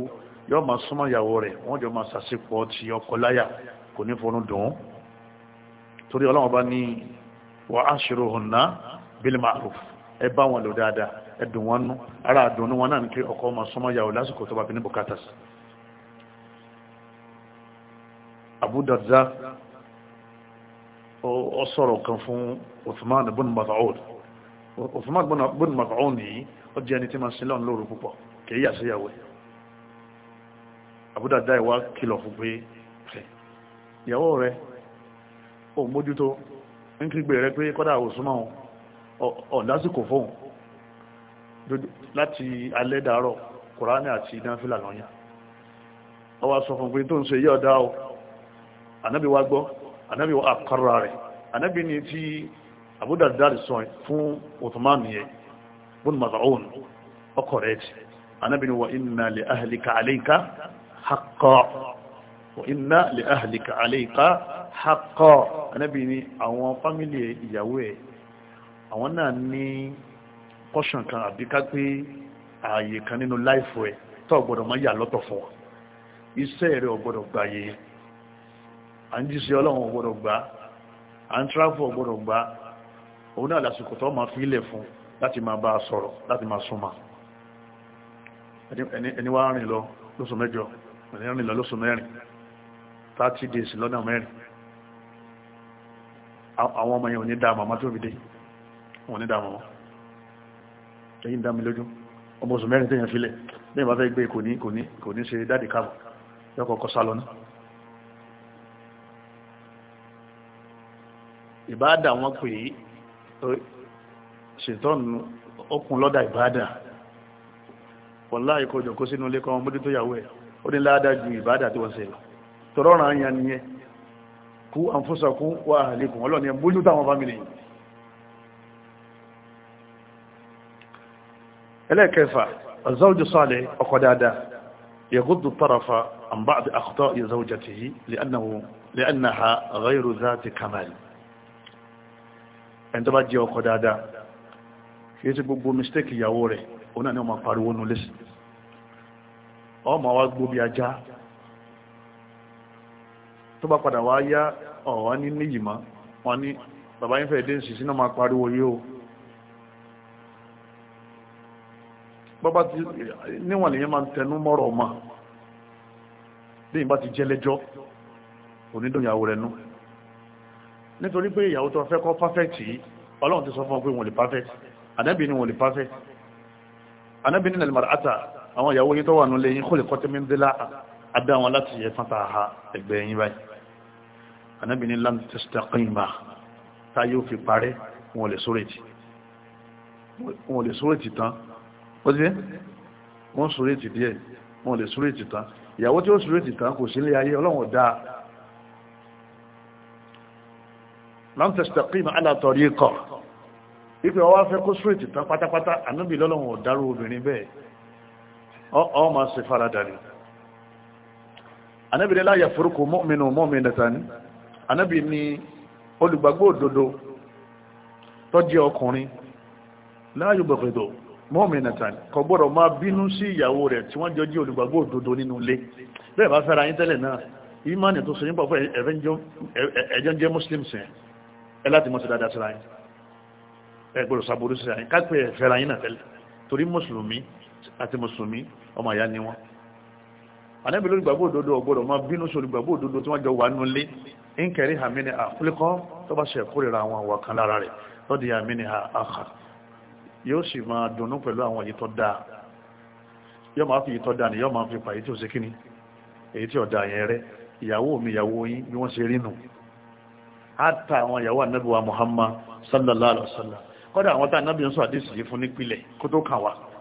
yóò máa súnmọ́ ìyàwó rẹ̀ wọ́n kò ní fọnú dùn ún torí ọlọ́wọ́n bá ní wa ashiruhunna bil ma'ruf ẹ bá wọn lò dáadáa ẹ dùn wọn nú ara àdùnnú wọn náà ní kí ọkọ ọmọ sọmọ yàwó lásìkò tó bá fi ní bùkátà sí. Abu Darda ó sọ̀rọ̀ kan fún Uthman ibn Mas'ud Uthman ibn Mas'ud ó jẹ́ ẹni tí máa ń lọ́nà lóru púpọ̀ kì yà sí ẹ̀ Abu Darda ìwà kìlọ̀ fún pé ìyàwó rẹ̀ ò mójútó ń kígbe rẹ pé kọ́dà òsúnmọ́ ọ̀dásìkò fóun láti alẹ́ dàárọ̀ kùránì àti ìdánfìlà lọ́yà ọwọ́ sọ fún pé tó ń ṣe yí ọ̀dá o ànábì wa gbọ́ ànábì wa àkọ́rọ̀ rẹ̀ ànábì ni ti àbúdàdàrí sọ fún òtùmánì yẹn bùn maza'un ọkọ̀ rẹ̀ ti ànábì ni wa inna li ahlika alayka haqqan wa inna li ahlika alayka hakọ́ anábì ní àwọn fámílì ìyàwó ẹ̀ àwọn náà ní kọ́ṣàn kan àbí ká pé ààyè kan nínú láìfò ẹ̀ tó ọ̀gbọ́dọ̀ máa yà lọ́tọ̀ fún wọn iṣẹ́ rẹ̀ ọ̀gbọ́dọ̀ gbà yẹ à ń jíṣẹ́ ọlọ́run ọ̀gbọ́dọ̀ gbà à ń tráfù ọ̀gbọ́dọ̀ gbà òun náà lásìkò tó máa fi ilẹ̀ fún láti máa bá a sọ̀rọ̀ láti máa súnmọ́ ẹni wá rìn lọ lóṣù mẹ́jọ ẹni rìn lọ lóṣù mẹ́rin 30 days lọ́nà mẹ́rin àwọn ọmọ yẹn ò ní dá màmá tó dé wọn ní dá màmá ẹ̀yìn dá mi lójú ọmọ oṣù mẹ́rin tẹ̀yàn filẹ̀ lẹ́yìn bá fẹ́ gbé kò ní kò ní kò ní ṣe dáàdì káàbọ̀ yọkọ̀ ìbáàdà wọn pè é ṣètọ́nù lọ́dà ìbáàdà kó sínú ilé kan tó yàwó ẹ̀ ó ní kú àǹfúsọkún wà àlékún ọlọ́ni ẹ̀ bójú táwọn fámílì ẹlẹ́ẹ̀kẹfà azawjú sálẹ̀ ọkọ dáadáa yẹgúdù tarafa àmbá àti àkútọ́ ìzawjatihi lẹ́ẹ̀nàha ghayru zati kamali ẹni tó bá jẹ́ ọkọ dáadáa kìí sí gbogbo mistake ìyàwó tó bá padà wá yá ọ̀wá ní níyì mọ́ wọn ní bàbá yín fẹ́ẹ́ dé ń sísí náà máa pariwo yìí o bàbá ti níwọ̀n lèyàn máa ń tẹnu mọ́rọ̀ ọmọ lẹ́yìn bá ti jẹ́lẹ́jọ́ onídọ̀yàwó rẹ̀ nú nítorí pé ìyàwó tó fẹ́ kọ́ perfect yìí ọlọ́run ti sọ fún ọ pé wọ́n lè perfect ànábì ni wọ́n lè perfect ànábì ni nàìjíríà àtà àwọn ìyàwó yìí tó wà nílé yìí kó lè kọ́ tẹ́mí ńdẹ́lá adá wọn láti yẹ fataha ẹgbẹ́ yín báyìí anábì ní lam tastaqima tá yóò fi parẹ́ wọn lè sórètì wọn lè sórètì tán ó ti wọn sórètì díẹ̀ wọn lè sórètì tán ìyàwó tí ó sórètì tán kò sí ilé ayé ọlọ́wọ̀n dáa lam tastaqima ala tariqa ipe ọwá fẹ́ kó sórètì tán pátápátá anábì lọ́lọ́wọ̀n ọ̀dáró obìnrin bẹ́ẹ̀ ọ ma ṣe faradà ni anábì ní láyà forúkọ mọ́mìnà mọ́mìnà tani anábì ní olùgbàgbọ́ òdodo tó jẹ́ ọkùnrin láyò bọ̀fẹ̀dọ̀ mọ́mìnà tani kò gbọ́dọ̀ máa bínú sí ìyàwó rẹ̀ tí wọ́n jọ jẹ́ olùgbàgbọ́ òdodo nínú ilé bẹ́ẹ̀ bá fẹ́ra yín tẹ́lẹ̀ náà ìmánì tó sọyún pàpọ̀ ẹ̀jọ́ jẹ́ muslim sẹ́n ẹ láti mọ́sí dáadáa síra yín ẹ gbọ́dọ̀ sábúrú síra yín kápẹ́ fẹ́ra yín náà tẹ́lẹ̀ torí mùsùlùmí àti mùsùlùmí ọmọ ìyá ni wọ́n ànábì lórí gbàgbọ́ òdodo ọgbọ́dọ̀ máa bínú sórí gbàgbọ́ òdodo tí wọ́n jọ wà nù lé ń kẹrí àmì ni àkúlẹ́kọ́ tó bá ṣe kórìíra àwọn àwọ̀ kan lára rẹ̀ lọ́dí àmì ni àkà yóò sì máa dunnú pẹ̀lú àwọn èyí dáa yóò máa fi èyí dáa ni yóò máa fi pa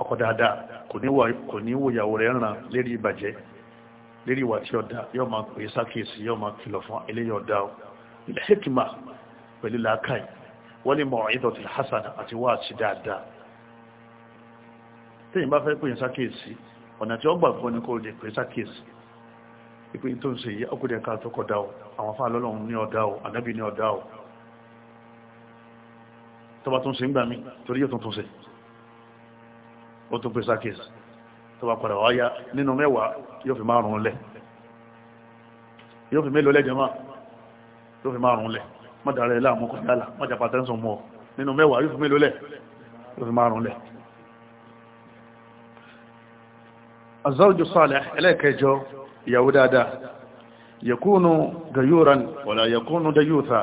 ọkọ dáadáa kò ní wo ìyàwó rẹ̀ ràn lérí ìbàjẹ́ lérí ìwà tí ọ̀dà yóò máa pè sákèsí yóò máa kìlọ̀ fún eléyìí o ilẹ̀ hekima pẹ̀lú làákàyè wọ́n lè mọ̀ ọ̀yẹ́dọ̀ tí hasan àti wá àti dáadáa tẹ́yìn bá fẹ́ pè é sákèsí ọ̀nà tí ó gbà fún ẹni kò lè pè é sákèsí ìpè tó ń ṣe yí ọkùnrin ẹ̀ka tó kọ̀ dá o àwọn afá lọ́lọ́run ní ọ̀dà o ànábì ní ọ̀dà o tọ́ba tó ń ṣe ń gbà mí torí yóò tuntun ṣe ó tún pèsè àkíyèsí tó bá padà wáyá nínú mẹ́wàá yóò fi márùn-ún lẹ̀ yóò fi mélòó lẹ́jọ́ yóò fi márùn-ún lẹ̀ má dàrẹ́ ilé àmú kọjá mọ́ nínú mẹ́wàá yóò fi mélòó lẹ̀ yóò fi márùn-ún lẹ̀. azawju salih ẹlẹ́ẹ̀kẹjọ ìyàwó dáadáa yakunu gayuran wala yakunu dayutha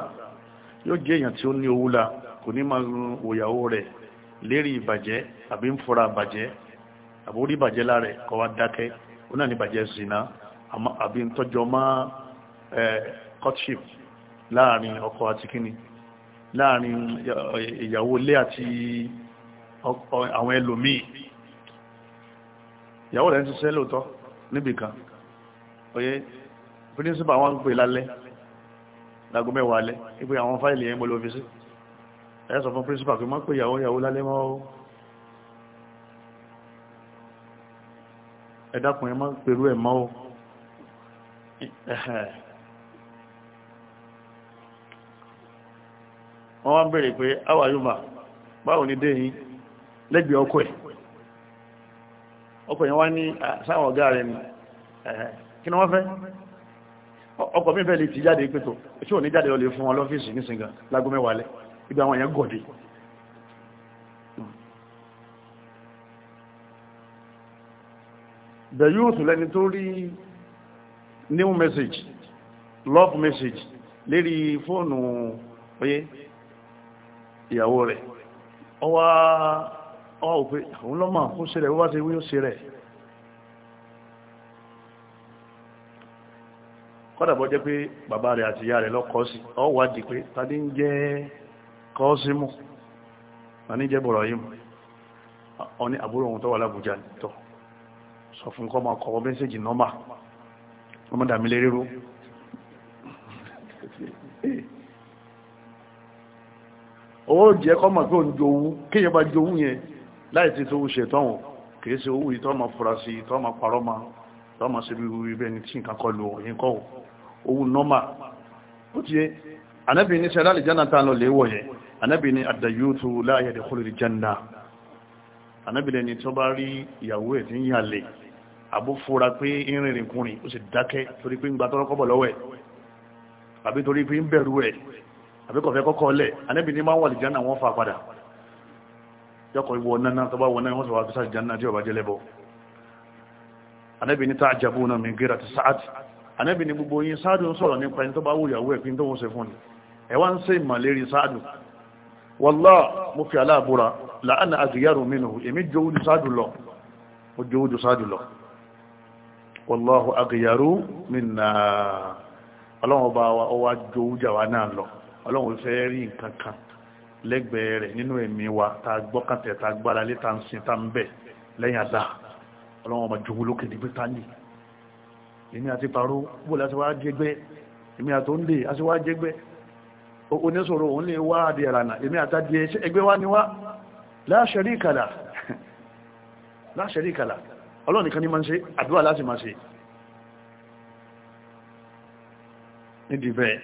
yóò jẹ́ èèyàn tí ó ní owó kò ní máa ń wòyàwó rẹ̀ lérí ìbàjẹ́ àbí ń fura ìbàjẹ́ àbí orí ìbàjẹ́ lára kọ́ wa dákẹ́ ó náà ní ìbàjẹ́ zina àbí ń tọ́jọ́ mọ́ courtship láàrin ọkọ àti kíni láàrin ìyàwó ilé àti àwọn ẹlòmíì ìyàwó rẹ̀ ń ṣiṣẹ́ lóòótọ́ níbìkan oyé pínísípà wọn ń pè lálẹ́ lágọ́ mẹ́wàá àwọn fáìlì yẹn mo lọ ẹ sọ fún principal pé má pé ìyàwó ìyàwó lálẹ́ mọ́ ó ẹ dákun ẹ má ó wọ́n wá ń bèèrè pé how are you ma ni dé yín lẹ́gbẹ̀ẹ́ ọkọ ẹ̀ ọkọ yẹn wá ní sáwọn ọ̀gá rẹ̀ ni kí ni wọ́n fẹ́ ọkọ mi fẹ́ lè ti jáde pẹ̀tọ̀ tí ò ní jáde lọ fún wọn lọ́fíìsì nísìnyí lágọ́ ibi àwọn èèyàn gọ̀dì the youth lẹni tó rí new message love message lérí fóònù oyé ìyàwó rẹ̀ ọwá ọwá òpé òun lọ́mà ó ṣe rẹ̀ wọ́n bá ṣe wí ó ṣe rẹ̀ kọ́dàbọ́ jẹ́ pé bàbá rẹ̀ àti ìyá rẹ̀ lọ́kọ́ sí ọwádìí pé tàbí ń jẹ́ kọ́ọ́símù wọ́n ní jẹ́ Ibrahim wọ́n ní àbúrò ohun tó wà lábújá tọ́ sọ fún kọ́ máa kọ̀wọ́ mẹ́sẹ̀jì nọ́mà ọmọ dàmí lè rírú owó jẹ́ kọ́ máa pé òun jowú kéyẹ bá jowú yẹn láì ti tó ṣe tọ́wọ̀n kìí ṣe owó ìtọ́ máa fura sí ìtọ́ máa ó ti yẹ ànábì sẹ́lá lè jẹ́ náà tá lọ lè wọ̀ yẹn anábì ni àdàyótó láàyè dẹ̀kọ́lù janna anábì lẹni tó bá rí ìyàwó ẹ̀ tí ń yàlẹ̀ àbó fúra pé ìrìnrìn kùnrin ó sì dákẹ́ torí pé ń gba tọ́rọ́kọ́bọ̀ lọ́wọ́ ẹ̀ àbí torí pé ń bẹ̀rù ẹ̀ àbí kọ̀fẹ́ kọ́kọ́ lẹ̀ anábì ni máa ń wà lè janna wọ́n fa padà yọkọ̀ ìwọ nánà tó bá wọ náà wọ́n sọ wà fi sáà janna tí ó bá jẹ́ lẹ́bọ̀ anábì ni ta'jabuna min ghirati Sa'ad anábì ni gbogbo yín Sa'ad ń sọ̀rọ̀ nípa ẹni tó bá wù ìyàwó ẹ̀ pín tó wọ́n ṣe fún ni ẹ̀wá ń ṣe ìmọ̀lérí Sa'ad wọ́lá mo fi aláàbúra láàánà àgbìyàrò mínú èmi jòwúdù sáájú lọ o jòwúdù sáájú lọ wọ́láhù àgbìyàrò mínà ọlọ́run bá wa ọwá jòwújà wa náà lọ ọlọ́run fẹ́ rí nǹkan kan lẹ́gbẹ̀ẹ́ rẹ̀ nínú ẹ̀mí wa ta gbọ́kàntẹ̀ ta gbára lé ta ń sin ta ń bẹ̀ lẹ́yìn àdá oníṣòro òun lè wá àdì ẹ̀rànà èmi àtàdì ẹgbẹ́ wá ní wá la sharika lah la sharika lah ọlọ́run nìkan ní máa ń ṣe àdúrà láti máa ṣe nídìí bẹ́ẹ̀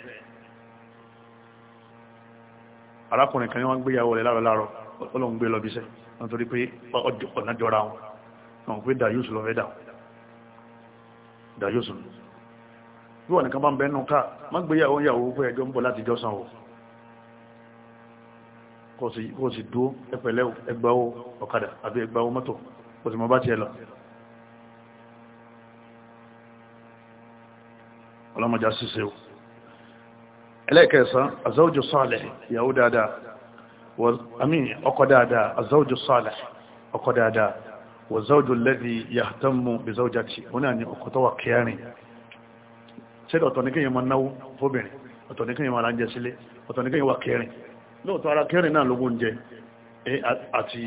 arákùnrin kan ní wọ́n gbéyàwó rẹ̀ láàrọ̀ láàrọ̀ ọlọ́run gbé lọ bí iṣẹ́ wọ́n ọ̀nà jọra wọn pé dayus lọ fẹ́ dà dayus lọ bí wọ́n nìkan bá ń bẹ́nu ká má gbéyàwó yàwó pé ẹjọ́ ń bọ̀ láti jọ sanwó kò sì dúó ẹpẹ̀lẹ́ ẹgbàwó ọ̀kadà àbí ẹgbàwó mọ́tò kò sì mọ́ bá tiẹ̀ lọ ọlọ́mọjá ṣíṣe o ẹlẹ́ẹ̀kẹsàn azawjú sọ́ọ̀lẹ̀ ìyàwó dáadáa àmì ọkọ dáadáa azawjú sọ́ọ̀lẹ̀ ọkọ dáadáa wọ zawjú náà ni ọkọ tó wà sẹ́dọ̀ ọ̀tọ̀ ní kí èèyàn máa náwó fóbìnrin ọ̀tọ̀ ní kí èèyàn máa ránjẹ sílé ọ̀tọ̀ ní kí èèyàn wà kẹrin lóòótọ́ ara kẹrin náà lógún oúnjẹ eh, àti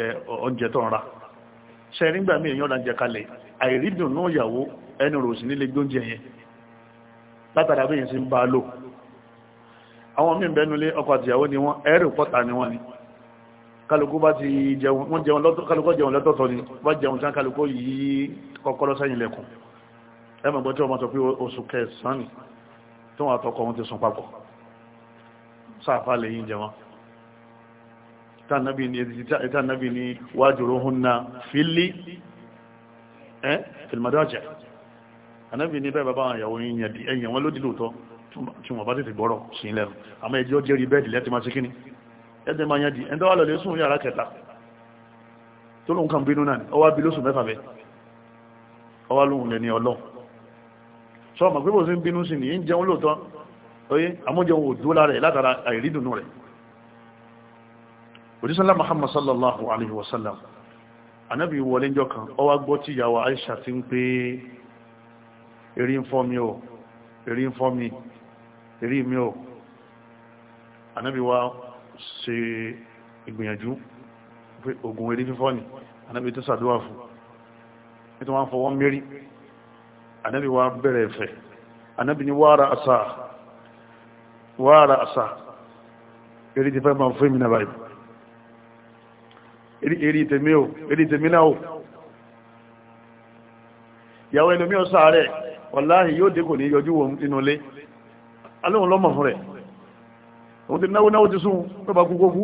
eh, oúnjẹ tó ń ra ṣe nígbà míì èèyàn ránjẹ kalẹ̀ àìrídùn náà yàwó ẹnu rò nílé gbóúnjẹ yẹn látara bí èèyàn sì ń bá a lò àwọn míì bẹnu lé ọkọ àtìyàwó ni wọn ẹrù pọ́tà ni wọn ni kálukú bá ti jẹun wọn jẹun lọ́tọ̀ọ̀tọ̀ ni wọn jẹun tán kálukú yìí kọ́kọ́rọ́ sẹ́yìn lẹ́kùn ẹmọ̀ gbọ́ tí ọmọ sọ pé oṣù kẹsàn-án ni tí wọ́n àtọkọ wọn ti sùn papọ̀ sáàfà lè yí jẹ wọn tánàbí ni wajruhunna fílí ẹ́ fìlmàdájẹ́ anábì ní bẹ́ẹ̀ bàbá àwọn ìyàwó ẹ̀yìn wọn lódì lóòtọ́ tí wọ́n bá tètè gbọ́rọ̀ sí lẹ́nu àmọ́ ẹjọ́ jẹ́rí bẹ́ẹ̀dì lẹ́tì máa ṣe kíní ẹ̀dẹ̀ máa yànjì ẹ̀dẹ̀ wà lọ́lẹ̀ yàrá kẹta tó lóun kàn bínú náà ọwá bí lóṣù mẹ́fà bẹ́ẹ̀ sọ ma pé bó ṣe ń bínú sí ni ń jẹun lóòótọ́ oye amójẹun òdó lára ẹ̀ látara àìrídùnú rẹ̀ òdísánlá Muhammad sallallahu alaihi wasallam anábi wọlé jọ kan ó wá gbọ́ tí ìyàwó Aisha ti ń pé erí ń fọ́ mi o erí ń fọ́ mi erí mi o anábi wá ṣe ìgbìyànjú pé oògùn erí fífọ́ ni anábi tó sàdúwà fún nítorí wọ́n fọwọ́ mérí anabi wa bẹ̀rẹ̀ ẹ̀fẹ̀ anabi ni wàrà àṣà wàrà asa, eré ti fẹ́ máa fún mi náà báyìí eré tèmi o eré tèmi náà o ìyàwó ẹlòmí ọ̀sà rẹ̀ wàláhì yóò dé kò ní yọjú wọn inú ilé alóhun lọ́mọ̀ fún rẹ̀ òun ti náwó náwó ti sún pẹ́bà kúkó kú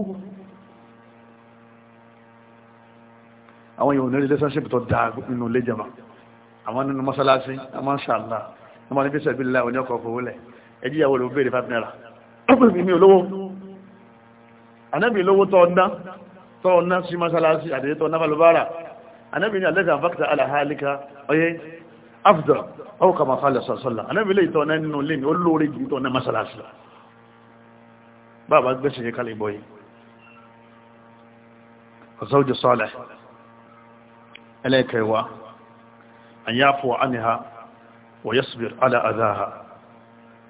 àwọn èèyàn ní relationship tó dáa nínú ilé jama àwọn nínú mọ́sálásí àmọ́ ṣàlá ọmọ níbi sẹ̀bílá òní ọkọ̀ fòwó lẹ̀ ẹjí ìyàwó ló béèrè five naira mi olówó anábì lówó tọ́ọ̀ná tọ́ọ̀ná sí mọ́sálásí àdéyé tọ́ọ̀ná balubára anábì ní alẹ́gà fákítà aláhálíkà ọyẹ́ afdà ọwọ́ kàmá falẹ̀ sọ̀sọ́lá anábì lè tọ́ọ̀ná nínú lé ní ó lóore jù tọ́ọ̀ná mọ́sálásí bàbá gbèsè yẹ kálí bọ́yì ọ̀sọ́ an yafu anha wa yasbir ala adhaha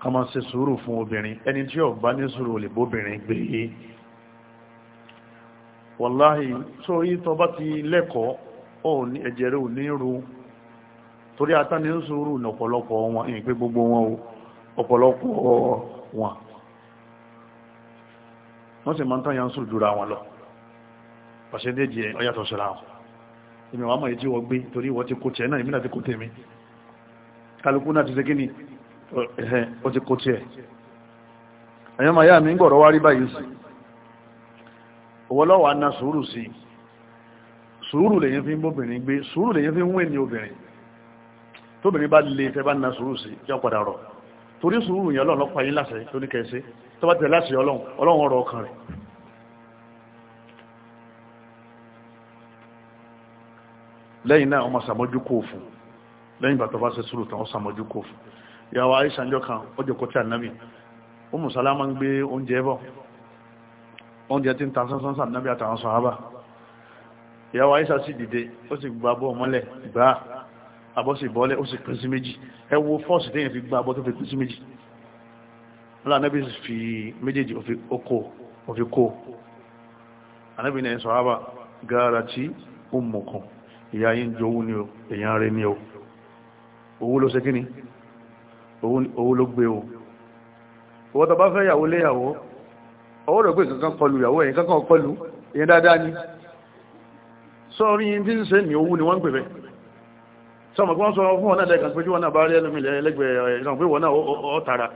kama ṣe sùúrù fún obìnrin ẹni tí ó bá ní sùúrù lè bóbìnrin gbé e. wàláhì sórí tó bá ti lẹ́kọ̀ọ́ ó ní ẹ̀jẹ̀ rẹ̀ ò ru ní gbogbo o wọ́n sì ń tán wọn lọ pàṣẹ déjì èmi wàá mọ̀ èjì wọ́n gbé torí wọ́n ti kó tiẹ̀ náà èmi náà ti kó tèmi kálukú náà ti ṣe kíni ẹ̀hẹ́n ó ti kó tiẹ̀ ẹ̀yọ́ màá yá mi ń gbọ̀rọ̀ wá rí báyìí sí owó lọ́wọ́ á ná sùúrù sí sùúrù lèyìn fi ń bóbìnrin gbé sùúrù lẹ́yìn náà ọmọ sàmójú kò fún lẹ́yìn bàtọ̀ bá ṣe sùúrù tán ó sàmójú kò fún ìyàwó Àìṣà ńjọ́ kan ó jẹ́ kọtí ànábì Ummu Salama ń gbé oúnjẹ bọ̀ oúnjẹ tí ń ta sánsán sànábì àtàwọn sàhábà ìyàwó Àìṣà sì dìde ó sì gba bọ́ mọ́lẹ̀ gbá abọ́ sì bọ́lẹ̀ ó sì pín sí méjì ẹ wo fọ́ọ̀sì téèyàn fi gba abọ́ tó fi pín sí méjì lọ́la ànábì fi méjèèjì ó fi kó ànábì náà sàhábà gàràtì ummukum ìyá yín jowú ni o èèyàn rẹ ni o owó ló ṣe kíni owó ló gbé o owó tó bá fẹ́ yàwó léyàwó ọwọ́ rẹ̀ pé kankan kọlu yàwó ẹ̀yìn kankan kọlu èèyàn dáadáa ni sọ́ọ̀rí yín tí ń ṣe ní owó ni wọ́n ń pè bẹ́ sọmọ kí wọ́n sọ fún ọ̀nà lẹ́ẹ̀kan pé kí wọ́n náà bá rí ẹlòmí lẹ́gbẹ̀ẹ́ ìlànà pé wọ́n náà ọ̀ tara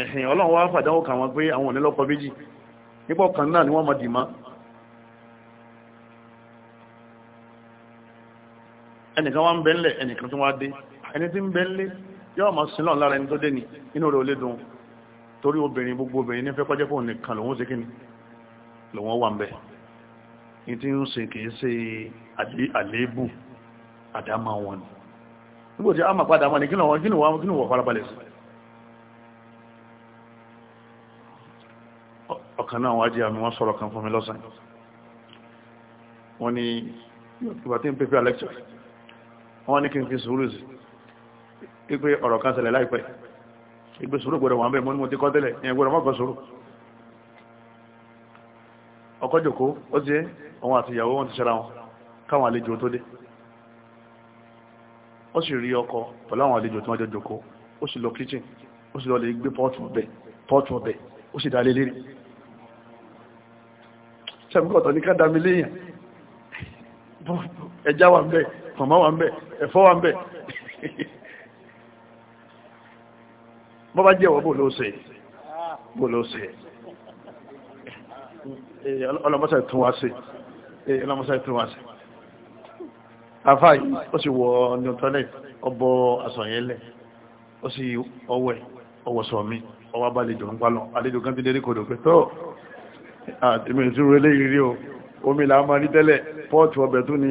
ẹ̀hìn ọlọ́run wá fàdánwò kà wọ́n pé àwọn òní lọ́kọ méjì nípọ̀ kan náà ni wọ́n mọ̀ dì máa ẹnìkan wá ń bẹ ńlẹ̀ ẹnìkan tó wá dé ẹni tí ń bẹ ńlẹ̀ yóò máa sin lọ́n lára ẹni tó dé ni inú rẹ̀ ò dùn torí obìnrin gbogbo obìnrin ní fẹ́ kọjá fóun nìkan lòun ṣe kíni lòun wà ń bẹ ní tí ń ṣe kìí ṣe àléébù àdámà wọn ni nígbò tí a máa padà wọn ni kí lọ́wọ́ kí lọ́wọ́ kí lọ́wọ́ farabalẹ̀ sí ọ̀kan náà wájí àmì wọ́n sọ̀rọ̀ kan fún mi lọ́sàn wọ́n ni ìgbà tí ń pèpè alẹ́kṣọ̀rì wọ́n ní kí n fi sùúrù sí ipé ọ̀rọ̀ kan ṣẹlẹ̀ láìpẹ́ ipé sùúrù gbọ́dọ̀ wà ń bẹ̀ mọ́ ní mo ti kọ́ tẹ́lẹ̀ ìyẹn gbọ́dọ̀ mọ́kàn sùúrù ọkọ jòkó ó ti ọwọ́n àti ìyàwó wọn ti ṣẹra wọn káwọn àlejò tó dé ó sì rí ọkọ pẹ̀lú àwọn àlejò tí wọ́n jọ jòkó ó sì lọ kitchen ó sì lọ lè gbé pọ́ọ̀tù ọbẹ̀ ó sì dálé lérí ṣẹ́gbọ́tọ̀ ní ká dámi léèyàn ẹjá wà ń bẹ́ẹ̀ pọ̀nmọ́ wà ń bẹ̀ ẹ̀fọ́ wà ń bẹ̀ bọ́ bá jẹ́ wọ́n bò ló ṣe bò ló ṣe eh, ọlọ́mọ́sá tún wá sí eh, ọlọ́mọ́sá tún wá sí afá yìí ó sì wọ ní ọ̀tọ́lẹ̀ ọbọ̀ àsọ̀yẹ́lẹ̀ ó sì ọwẹ́ ọwọ́sọ̀ mi ọwọ́ abálejò ń palọ̀ àlejò kan ti dé kòdò pé tó àtìmẹ̀tì rẹ̀ léyìí rí o omi làá máa rí tẹ́lẹ̀ pọ́ọ̀tù ọbẹ̀ tún ni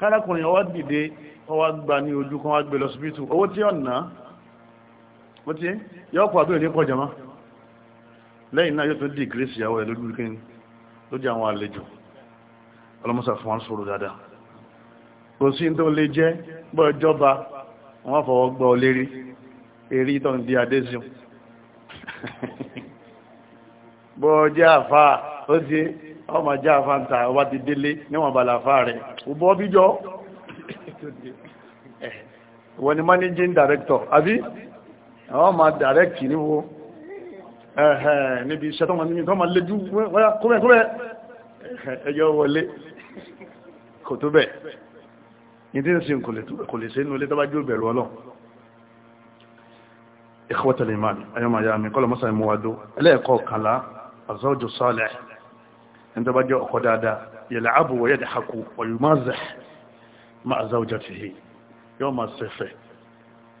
kárakùnrin ọwọ́ dìde ọwọ́ gba ní ojú kan wá gbé lọ síbítù owó tí ọ̀nà ó ti yọ́ pọ̀ àbí òní pọ̀ jama lẹ́yìn náà yóò tó dì gírísì ìyàwó ẹ̀ lójú kí lójú àwọn àlejò ọlọ́mọsà fún wọn sọ̀rọ̀ dáadáa kò sí tó lè jẹ́ bọ́ ìjọba wọn fọwọ́ gbọ́ lérí èrí tó ń di adéṣin bọ́ jẹ́ àfà ó ti ọ ma já àfáǹtà ọba ti délé níwọ̀n balàfà rẹ̀ ọbọ̀ bíjọ́ eh, wọ́n ni managing director àbí ọ ma direct níwó eh, eh, níbi iṣẹ́ tó ma níbi tó ma léjú kúrẹ́kúrẹ́ ẹjọ́ wọlé kò tó bẹ̀ ní tí ń sin kò lè sínú ilé tọ́bájú bẹ̀rù ọlọ́ ìkọwọ́tẹ̀lẹ̀ ìmáà ayọ́mọ̀ ayá mi kọ́lọ̀ mọ́sàn ìmúwádó ẹlẹ́ẹ̀kọ́ kàlá azọ́jù sọ́ọ̀lẹ̀ ẹni tó ọkọ dáadáa yal'abu wa yadhaku wa yumazih ma'a zawjatihi yóò máa ṣẹ̀fẹ̀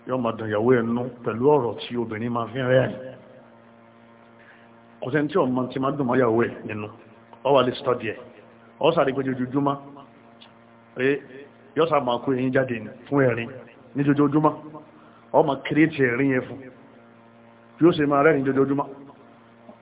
yóò máa ma ìyàwó ẹnu ma ọ̀rọ̀ tí obìnrin máa fi ti máa dùn mọ́yàwó ẹ̀ ọ wà ma stọ́dì ọ sáré pé jojoojúmọ́ pé yóò sá ọ máa kírètì ẹ̀rín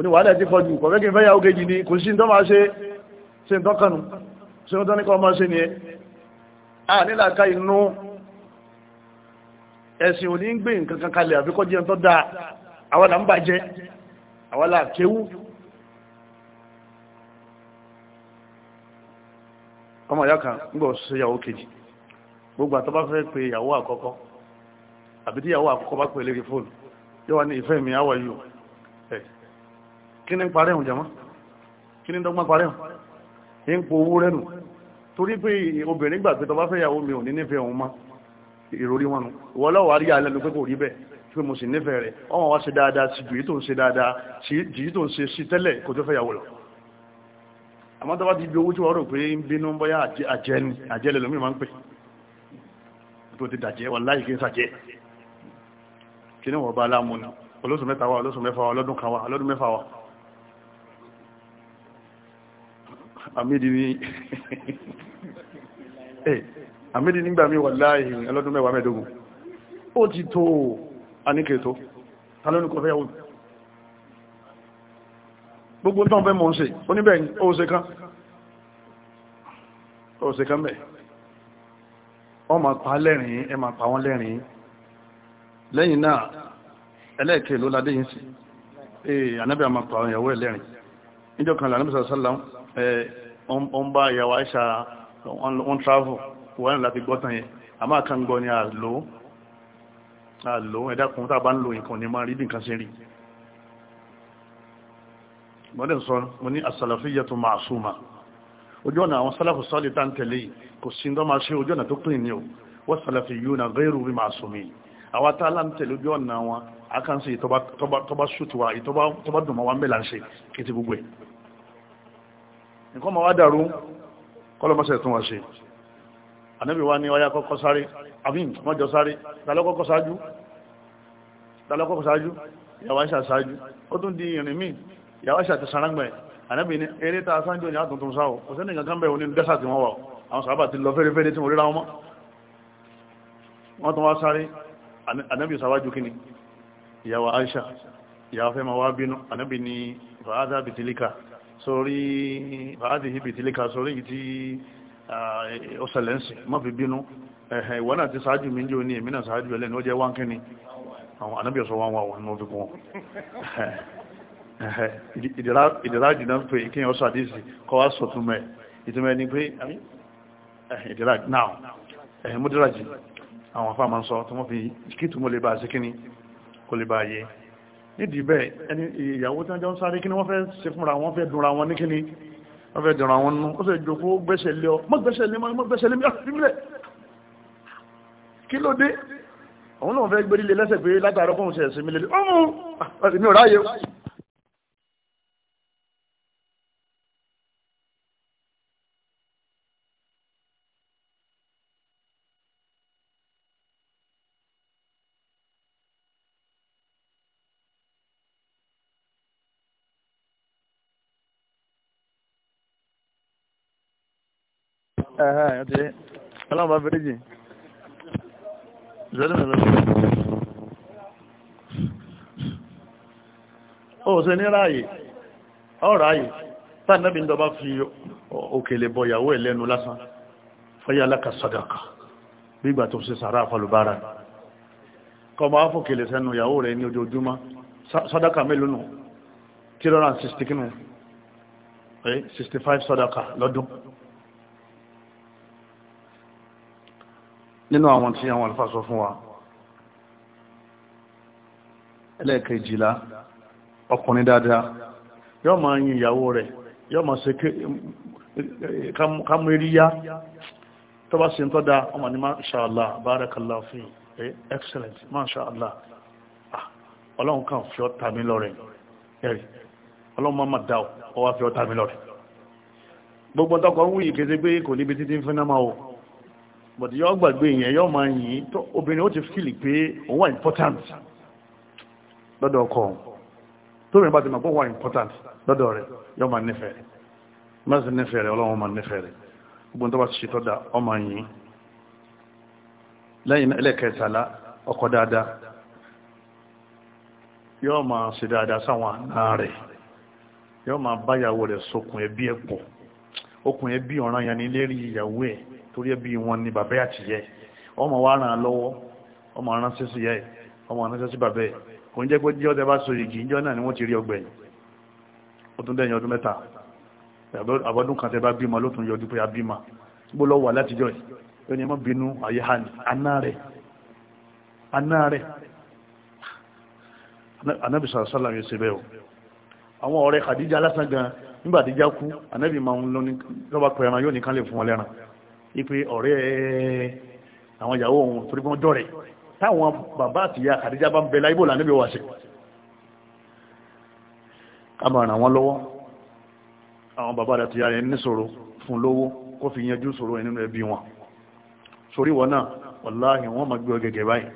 oníwàálẹ̀ ti pọ̀jù kọ̀fẹ́ kí n fẹ́ yàwó kejì ni kò sí tó máa ṣe ṣe ń tọ́kànù ṣe ń tọ́níkọ́ máa ṣe nìyẹn a nílàka inú ẹ̀sìn ò ní ń gbé nǹkan kan kalẹ̀ àfikọ́ jẹun tó dáa àwọn là ń bàjẹ́ àwọn là kéwú ọmọ ìyá kan ń gbọ́ ṣe ní ìfẹ́ mi how are you kí ní ń parẹ́ òun jẹmọ́ kí ní ń dọ́gbọ́n parẹ́ òun ẹ ń po owó rẹ́nu torí pé obìnrin gbà pé tọba fẹ́yàwó mi ò ní nífẹ̀ẹ́ òun mọ́ ìròrí wọn nù ìwọ lọ́wọ́ àríyá alẹ́nu pé kò rí bẹ́ẹ̀ pé mo sì nífẹ̀ẹ́ rẹ̀ ọmọ wa ṣe dáadáa sí jù yí tó ń ṣe dáadáa jì tó ń ṣe sí tẹ́lẹ̀ kò tó fẹ́yàwó lọ àmọ́ tọba ti bí owó tí wọ́n rò pé ń bínú bọ́yá àjẹni àjẹlẹ̀ lómi máa ń kí ń sàjẹ́ kí olóṣù mẹ́ta wa olóṣù mẹ́fà wa ọlọ́dún kan wa ọlọ́dún mẹ́fà wa àmìdí ní àmìdí nígbà mí wà láàyè ọlọ́dún mẹ́wàá mẹ́dógún ó ti tó àníkẹ́ tó tàlónìkọ́ fẹ́ yàwó gbogbo tán fẹ́ mọ́ ń ṣe oníbẹ̀ òṣèkán òṣèkán bẹ̀ ọ ma pa lẹ́rin ẹ ma pa wọ́n lẹ́rin lẹ́yìn náà ẹlẹ́ẹ̀kẹ́ ló ládé yìí sí ee eh, anábẹ́ ma pa àwọn ìyàwó ẹ̀ lẹ́rin níjọ́ kan lànà ọ ń bá ìyàwó àìṣà wọ́n travel wọ́n ní láti gbọ́tàn yẹn àmọ́ àkàngbọ́ ni àlò àlò ẹ̀dàkùn tá a bá ń lo nǹkan ní máa rí bí nǹkan ṣe rí mọ́dẹ̀ sọ mo ní as-salafiyyatu ma'suma ojú ọ̀nà àwọn sálàfù sọ́lẹ̀ tá ń tẹ̀lé kò sí ndọ́ máa ṣe ojú ọ̀nà tó pín ní o wa salafiyyuna ghayru bi ma'sumin àwọn tá a lá ń tẹ̀lé ojú ọ̀nà wọn a kàn sí ìtọ́bá ṣùtùwà ìtọ́bá dùnmọ́ wa ń bẹ̀ là ń ṣe kìtì gbogbo ẹ̀ nǹkan ma wá dàrú kọlọmọsẹ̀ tún wá ṣe ànábì wá ní ọya kọ́kọ́ sáré àbí mọ́jọ sáré dalọ́kọ́kọ́ sáájú dalọ́kọ́kọ́ sáájú ìyàwó àṣà sáájú ó tún di ìrìn míì ìyàwó àṣà ti sarangbẹ̀ ànábì ní eré ta sáájú ní àtúntún sáwọ̀ kò sẹ́ni kankan bẹ̀rẹ̀ nínú dẹ́sà tí wọ́n wà àwọn sàábà ti lọ fẹ́rẹ́fẹ́rẹ́ tí wọ́n ríra wọn wọ́n tún wá sáré ànábì sáwájú kíni ìyàwó àṣà ìyàwó fẹ́ máa wá bínú ànábì ní fàádà bìtìlíkà sórí bàádì ibi tí léka sórí yìí tí ó ṣẹlẹ̀ ń sìn má fi bínú ẹ̀hẹ̀ ìwọ náà ti ṣáájú mi o ní èmi náà ṣáájú ẹlẹ́ni ó jẹ́ wá kínní àwọn anábìyà sọ wọn wà wọn wọ́n sàdísì kọ́ wá ẹ̀hẹ̀ mú nídìí bẹ́ẹ̀ ẹni ìyàwó tí wọ́n jọ ń sáré kí ni wọ́n fẹ́ ṣe fúnra wọn fẹ́ dunra wọn ní kí ni wọ́n fẹ́ dunra wọn nú ó sì jòkó gbẹ́sẹ̀ lé ọ mọ́ gbẹ́sẹ̀ lé mọ́ gbẹ́sẹ̀ lé mílẹ̀ kí ló dé òun náà fẹ́ gbérí lé lẹ́sẹ̀ pé látàárọ̀ kóhun ṣẹ̀ sí mi lé ẹ̀hẹ́ ẹ̀yàn ti ọlọ́run bá fẹ́rẹ́ jì zẹ́lẹ̀ lọ́sọ̀ ó ṣe ní ráàyè ọ̀rọ̀ ayè tánàbí ndọba fi òkèlè bọ ìyàwó ẹ̀ lẹ́nu lásán fọ́yà aláka sàdákà gbígbà tó ṣe sàrá àfọlùbára kọmọ afọ́kèlè sẹ́nu ìyàwó rẹ̀ ní ojoojúmọ́ sàdákà mélòó nù 360 kínú 65 sàdákà lọ́dún nínú àwọn tí àwọn alfa sọ fún wa ẹlẹ́ẹ̀kejìlá ọkùnrin dáadáa yọ́ ma yin ìyàwó rẹ̀ yọ́ ma ṣe kámúríyá tó bá ṣe ń tọ́ da ọmọ ní maṣàlá bárakàlá fún excellent maṣàlá ah, ọlọ́run kan fi ọ́ tàmí lọ́rẹ̀ ẹ̀rì ọlọ́run máa dá ọ wá fi ọ́ tàmí lọ́rẹ̀ gbogbo tọkọ ń wúyì kété pé kò níbi títí ń fẹ́ náà máa wò but yọ gbàgbé yẹn yọ máa yìn tó obìnrin ó ti fíìlì pé òun wà important lọ́dọ̀ ọkọ tóbìnrin bá ti mọ̀ pé wà important lọ́dọ̀ rẹ̀ yọ máa nífẹ̀ẹ́ rẹ̀ má sì nífẹ̀ẹ́ rẹ̀ ọlọ́run máa nífẹ̀ẹ́ rẹ̀ gbogbo tó bá ṣe da ọmọ yìn lẹ́yìn ẹlẹ́kẹtàlá ọkọ dáadáa yọ máa ṣe dáadáa sáwọn àná rẹ̀ yọ máa báyàwó rẹ̀ sokùn ẹbí ẹ̀ pọ̀ okùn ẹbí ọ̀ràn yẹn lérí ìyàwó ẹ̀ torí ẹbí wọn ni bàbá àti yẹ ọmọ wa ràn án lọ́wọ́ ọmọ ránṣẹ́ sí yẹ ọmọ ránṣẹ́ sí bàbá ẹ̀ kò ń jẹ́ pé jíjọ́ tẹ bá so yìí kìí jọ́ náà ni wọ́n ti rí ọgbẹ̀yìn ó tún dẹ̀yìn ọdún mẹ́ta àbọ̀dún kan tẹ bá bímọ ló tún yọjú pé a bímọ gbó lọ wà látijọ́ ẹ̀ ó ní ẹmọ́ bínú ayé hàn aná rẹ̀ aná rẹ̀ anábì sọ̀rọ̀ sọ́là yóò ṣe bẹ́ẹ̀ o àwọn ọ̀rẹ́ Khadija lásán gan nígbà tí já kú anábì máa ń lọ ní lọ́ba pẹ̀ràn yóò nìkan lè fún wọn lẹ́ràn ipe ọ̀rẹ́ àwọn ìyàwó òun torí wọ́n jọ́rẹ̀ táwọn bàbá àti ìyá Khadija bá ń bẹ láìbò là níbi wàṣẹ ká máa ràn wọ́n lọ́wọ́ àwọn bàbá àti ìyá rẹ̀ níṣòro fún lówó kó fi yanjú ṣòro ẹ̀ nínú ẹbí wọn sórí wọn náà wàláhì wọ́n máa gbé ọgẹ̀gẹ̀ báyìí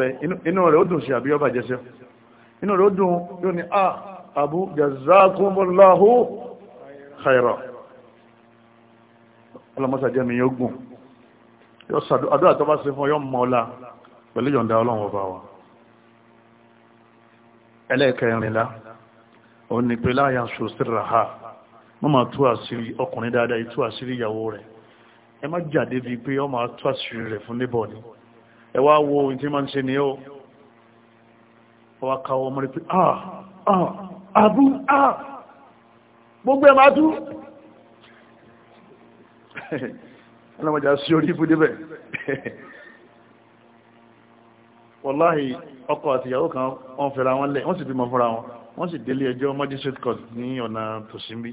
ẹ inú rẹ ó dùn sí àbí inú rẹ ó dùn yóò ní ah abu jazakumullahu khaira ọlọ́mọ́sá jẹ́ mi yóò gùn yóò sàdó àdúrà tó bá ṣe fún yóò mọ́ ọlá pẹ̀lú yọ̀ǹda ọlọ́run ọba wa ẹlẹ́ẹ̀kẹrìnlá òun ni pé láyà sòsìrà ha wọ́n máa tú àṣírí ọkùnrin dáadáa ìtú àṣírí ìyàwó rẹ̀ ẹ má jáde bíi pé ọ máa tú àṣírí rẹ̀ fún níbọ̀ ni ẹ wá wo ohun tí máa ń ṣe ni ó wá káwọ́ mọ́rí pé ah ah àbú àà gbogbo ẹ̀ máa tú ọlọ́mọdé sí orí ibú débẹ̀ wọláhì ọkọ àti ìyàwó kan wọ́n fẹ́ra wọn lẹ̀ wọ́n sì bímọ fúnra wọn wọ́n sì délé ẹjọ́ magistrate court ní ọ̀nà tòsínbí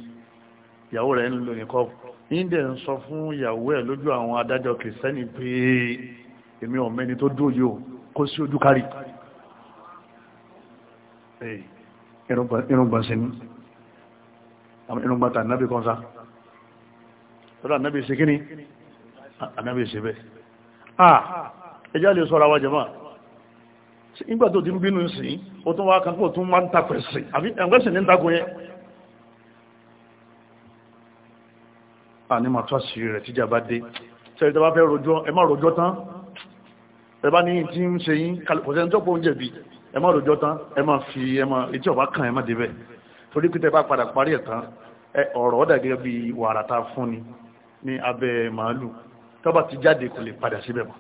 ìyàwó rẹ̀ ń lò ní kọ́ọ̀pù níndẹ̀ ń sọ fún ìyàwó ẹ̀ lójú àwọn adájọ́ kìrìsìtẹ́nì pé èmi ọ̀mẹ́ni tó dóòyò kó sí ojú kárí irungba sí ní irungba ta nábi kan sá lọ́dọ̀ ànábì sí kíní ànábì sí bẹ́ ah ẹjá lè sọ́ra wájẹ máa nígbà tó ti ń bínú sí ó tún wá kan kó tún máa ń tapẹ̀ sí àbí ẹ̀gbẹ́sì ní takò yẹn a ní ma tó àṣírí rẹ̀ tíjà bá dé sẹ́yìn tó bá fẹ́ rojọ́ ẹ má rojọ́ tán ẹ má rojọ́ tán ẹ má fi ẹ má etí ọ̀bá kan ẹ má débẹ̀ torí pé bá padà parí ẹ̀ ọ̀rọ̀ ọ̀dà gẹ́gẹ́ bí wàrà ta fún ni ní abẹ́ màálù tó bá ti jáde kò lè padà síbẹ̀ mọ́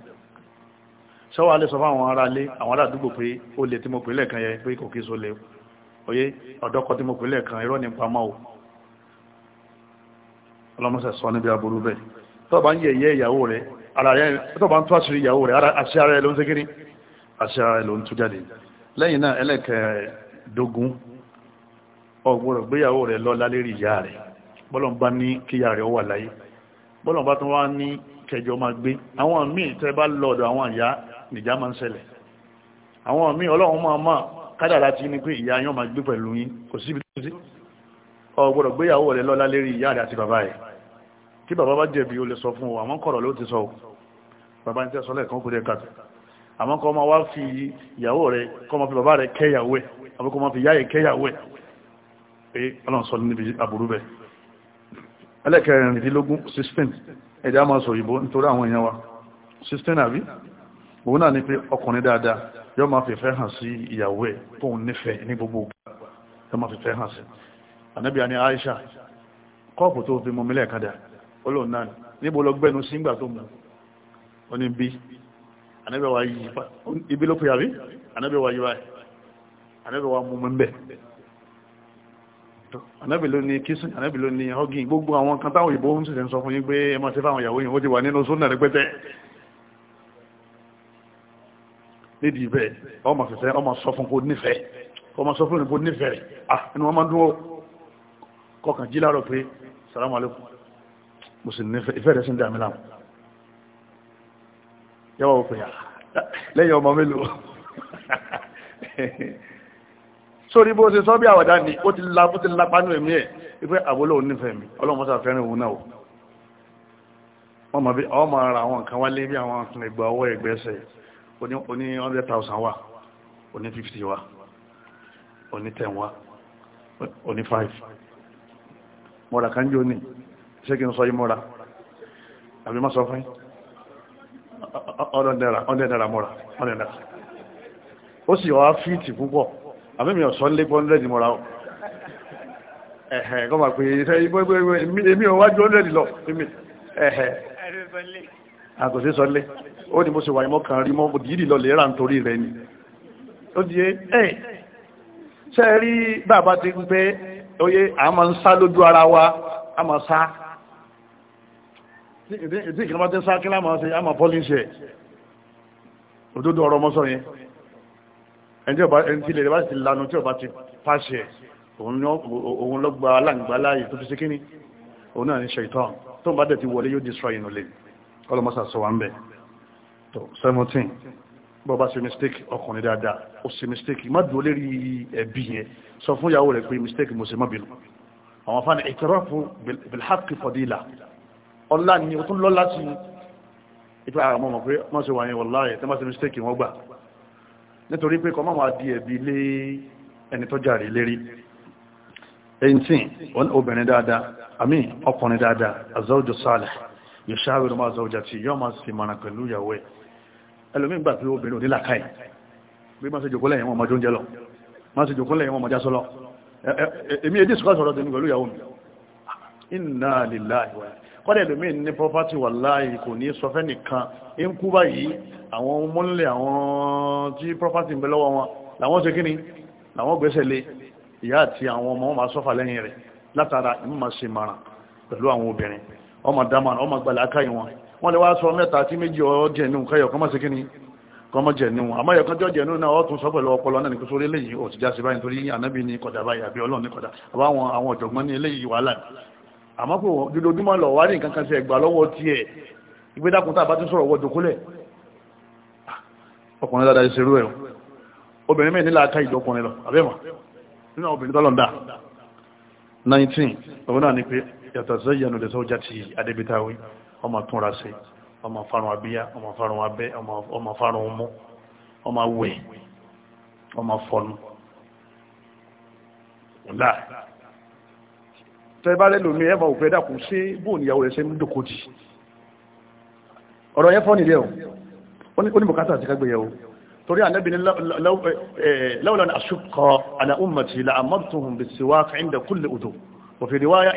sọ́wọ́ alẹ́ sọ fún àwọn ará ilé àwọn ará àdúgbò pé ó lè tí mo pè lẹ́ẹ̀kan yẹ pé kò kí so lè oyé ọ̀dọ́kọ tí mo pè lẹ́ẹ̀kan irọ́ nípa máa o ọlọ́mọsẹ̀ sọ níbi aburú bẹ́ẹ̀ tó bá ń yẹ̀yẹ́ ìyàwó rẹ̀ ara rẹ̀ tó ń tó àṣírí ìyàwó rẹ̀ àṣírí ara rẹ̀ ló ń ṣe àṣírí ara rẹ̀ ló ń tú jáde lẹ́yìn náà ẹlẹ́kẹ̀ẹ́dógún ọgbọ́rọ̀ gbéyàwó rẹ̀ lọ lálérí ìyá rẹ̀ bọ́lọ̀ bá ní kíyà rẹ̀ wà láyé bọ́lọ̀ bá tún wá ní kẹjọ máa gbé àwọn míì tẹ́ bá lọ́dọ̀ àwọn ìyá nìjà máa ń ṣẹlẹ̀ àwọn míì ọlọ́run máa máa kádàrá ti ní pé ìyá yán máa gbé pẹ̀lú yín kò síbi tó sí ọgbọ́rọ̀ gbéyàwó rẹ̀ lọ lálérí ìyá rẹ̀ àti bàbá rẹ̀ tí bàbá bá jẹ̀bi ó lè sọ fún ọ àwọn kọ̀rọ̀ ló ti sọ bàbá ń tẹ́ sọ lẹ́ẹ̀kan kó dé kàtó àmọ́ kọ́ ma wá fi ìyàwó rẹ̀ kọ́ ma fi bàbá rẹ̀ kẹ́yàwó ẹ̀ àbí kọ́ ma fi yáyẹ̀ kẹ́yàwó ẹ̀ pé ọlọ́run sọ níbi àbúrú bẹ̀ ẹlẹ́kẹrìnlélógún 16 ẹ̀dá máa sọ òyìnbó nítorí àwọn èèyàn wa 16 àbí òun náà ni pé ọkùnrin dáadáa yọ máa ìyàwó ni Aisha kọ́ọ̀pù tó fi mọ mílẹ̀ kadà olóòun náà níbo lọ anabi wa yi ibi ló fìyà bí anabi wa yi báyìí anabi wa mú mọ́ mbẹ́ anabi ló ní kissing anabi ló ní hugging gbogbo àwọn kan táwọn ìbò se sèse ń sọ fún yín pé ẹ máa ṣe fáwọn ìyàwó yìí ó ti wà nínú sunna rẹpẹtẹ nídìí bẹ́ẹ̀ ọmọ fẹsẹ̀ ọmọ sọ fún kó nífẹ̀ẹ́ ọmọ sọ fún kó nífẹ̀ẹ́ rẹ̀ ah inú wọn máa dún ó kọkàn jí láàárọ̀ pé salamu alaykum mo sì nífẹ̀ẹ́ ìfẹ́ rẹ̀ sí ń dàmí láàmú yọ́wọ́ òpin ah, lẹ́yìn ọmọ mélòó sórí bó ṣe sọ bí àwàdá ni ó ti la fún ti la pánú ẹ̀mí ẹ̀ wípé àbólò nífẹ̀ẹ́ mi ọlọ́run fọ́sà fẹ́ràn òun náà wọ́n mọ̀ bí ọmọ ara àwọn nǹkan wálé bí àwọn ẹgbẹ́ ọwọ́ ẹgbẹ́sẹ̀ oní 100,000 wà oní 50 wà oní 10 wà oní 5 mọ́ra kan jò ní ṣé kí n sọ yí mọ́ra àbí má sọ fún yín ọ̀dẹ̀ náírà mọ́ra ọ̀dẹ̀ náírà ó sì wá fíìtì púpọ̀ àmìmì ọ̀sán lé pọ́ndẹ̀dì mọ́ra ọ̀ ẹ̀hẹ̀ kọ́ máa pè é èmi ò wájú ọ̀dẹ̀dì lọ èmi ẹ̀hẹ̀ àgòsí sọlé ó ní mo sì wà ní mọ́kàn rí mọ́ dìídì lọ lè rà nítorí rẹ̀ ni ó di ẹ̀ ṣe rí bàbá ti ń pé oyé a máa ń sá tí ìkànnì bá tẹ́ sáà kí láàmà ṣe àmà pọ́líṣì ẹ̀ òdodo ọ̀rọ̀ mọ́sọ̀ yẹn ẹni tí ilẹ̀ bá ti lanu tí ọba ti pàṣẹ òun lọ gba aláǹgbá láàyè tó fi ṣe kíní òun náà ní ṣaitan tó ń bá dẹ̀ ti wọlé yóò destroy inú lè ọlọ́mọ́sà sọ wà ń bẹ̀ tó 17 bọ́ bá ṣe mistake ọkùnrin dáadáa ó ṣe mistake má dúró lérí ẹ̀bí yẹn sọ fún ìyàwó rẹ̀ pé mistake mo ṣe má bínú àwọn fáni ìtẹ́rọ́pù bilhaqi fadila ọlá ni o tún lọ́lá sí ìpé àwọn ọmọ pé wọ́n ṣe wà yẹn wọ̀lá ẹ̀ tẹ́mọ́ sí mistake wọ́n gbà nítorí pé kọ máa di ẹ̀bí lé ẹni tó jàrí lérí 18 obìnrin dáadáa àmì ọkùnrin dáadáa azọ́jọ sálẹ̀ yóò ṣáàwẹ̀rọ máa zọ́jà tí yọ́ máa sì mara pẹ̀lú ìyàwó ẹ̀ ẹlòmín gbà pé obìnrin ò nílà káì bí máa ṣe jòkólẹ̀ ẹ̀wọ̀n ọmọdé inna lillahi wa kọ́dẹ̀ lómi ní property wallahi kò ní sọ fẹ́ nìkan ń kú báyìí àwọn mọ́lẹ̀ àwọn tí property ń bẹ lọ́wọ́ wọn làwọn ṣe kíni làwọn gbẹ́sẹ̀ lé ìyá àti àwọn ọmọ máa sọ́fà lẹ́yìn rẹ̀ látara ìmọ̀ ṣe mara pẹ̀lú àwọn obìnrin ọmọ dámà ọmọ gbàlá káyì wọn wọ́n lè wá sọ mẹ́ta tí méjì ọ̀rọ̀ jẹ̀nú kẹyọ̀ kọ́mọ̀ sí kíni kọ́mọ̀ jẹ̀nú àmọ́ ẹ̀kan jọ jẹ̀nú náà ọ̀tún sọ pẹ̀lú ọpọlọ náà ní kó sórí eléyìí ò ti já sí báyìí torí ànábì àmọ́ pé dídójúmọ́ lọ wá ní nǹkan sí ẹgbà lọ́wọ́ tiẹ̀ ìgbédàkùn tá a bá sọ̀rọ̀ wọ́n ah, ọkùnrin dáadáa ṣe rú obìnrin mẹ́rin nílá ká ìdọkùnrin lọ àbẹ́mọ̀ nínú obìnrin tọ́lọ̀ 19 ọ̀rọ̀ náà ni pé yàtọ̀ sẹ́yìn ọ̀dẹ̀ sọ́jà ti adébítáwí ọmọ túnra sí ọmọ farun abíyá ọmọ farun abẹ́ ọmọ farun ọmọ ọmọ wẹ̀ ọmọ fọnu tẹ́bálẹ́ lómi ẹ̀mà òfẹ́ dàkú sí bóòlù ìyàwó rẹ̀ ṣe ń dòkó jì ọ̀rọ̀ yẹn fọ́ nílẹ̀ o ó ní bùkátà àti kágbéyàwó torí ànábì ní lawla eh, eh, an ashqa ala ummati la amartuhum bis-siwak 'inda kulli udhu wa fi riwaya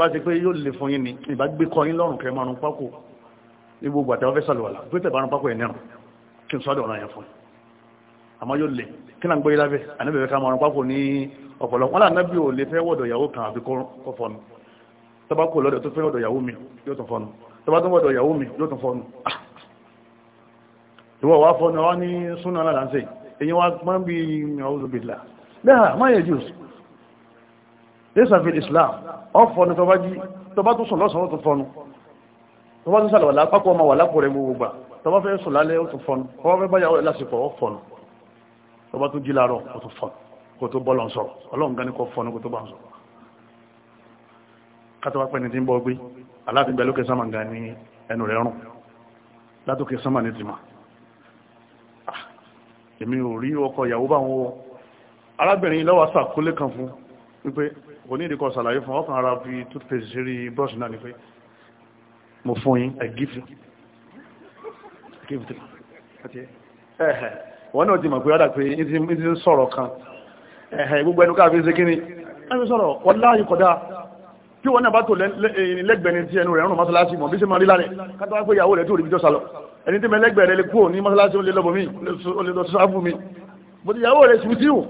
bá ti pé yóò lè fún yín ni ìbá àmọ́ yóò lè kí náà ń gbóyé lábẹ́ ànábẹ̀fẹ́ ká mọ̀rún pápò ní ọ̀pọ̀lọpọ̀ wọn ànábì ò lè fẹ́ wọ̀dọ̀ ìyàwó kan àfi kọ́ fọnu tọ́ba kò lọ́dọ̀ tó fẹ́ wọ̀dọ̀ ìyàwó mi yóò tún fọnu tọ́ba tó wọ̀dọ̀ ìyàwó mi yóò tún fọnu ah! ìwọ̀ wá fọnu wá ní súnà náà láǹṣẹ́ èyí wá máa ń bí ọ̀húnzùbìlà lẹ́hà má yẹ jùs lẹ́sàfil Islam ọ̀fọnu tọ́ba jí tọ́ba tó sùn lọ́sàn ó tún fọnu tọ́ba tó sàlọ̀ wà lápá tó bá tún jí láàárọ̀ kò tó fọ́n kò tó bọ́lọ̀ sọ̀rọ̀ ọlọ́run gan ni kò fọ́n kò tó bá ń sọ̀rọ̀ kátàwá pẹ́ni tí ń bọ́ gbé aláàfin bẹ̀ lókè sáma gan ni ẹnu rẹ̀ rùn látòkè sáma ní tìmá ah, èmi ò rí ọkọ ìyàwó bá wọn arábìnrin lọ́wọ́ sàkólé kan fún wípé kò ní ìdíkọ̀ sàlàyé fún ọkàn ara fi toothpaste sí rí brush náà ni pé mo fún yín ẹ̀gífì ẹ̀gífì tí ẹ̀hẹ̀ wọ́n náà ti mọ̀ pé ọ́dà pé ní ti ń sọ̀rọ̀ kan ẹ̀hẹ̀ gbogbo ẹnu káàfin ṣe kíni ẹni sọ̀rọ̀ wallahi kódà tí wọ́n náà bá tó lẹ́gbẹ̀ẹ́ni tí ẹnu rẹ̀ rùn mọ́sálásí mọ̀ bí sí máa rí lálẹ̀ kátà pé ìyàwó rẹ̀ tó rí bí tó sálọ ẹni tí mẹ́lẹ́gbẹ̀ẹ́ rẹ̀ kúrò ní mọ́sálásí ó lè lọ́bọ̀ mi ó lè lọ sáfù mi bó ti ìyàwó rẹ̀ sùn síwò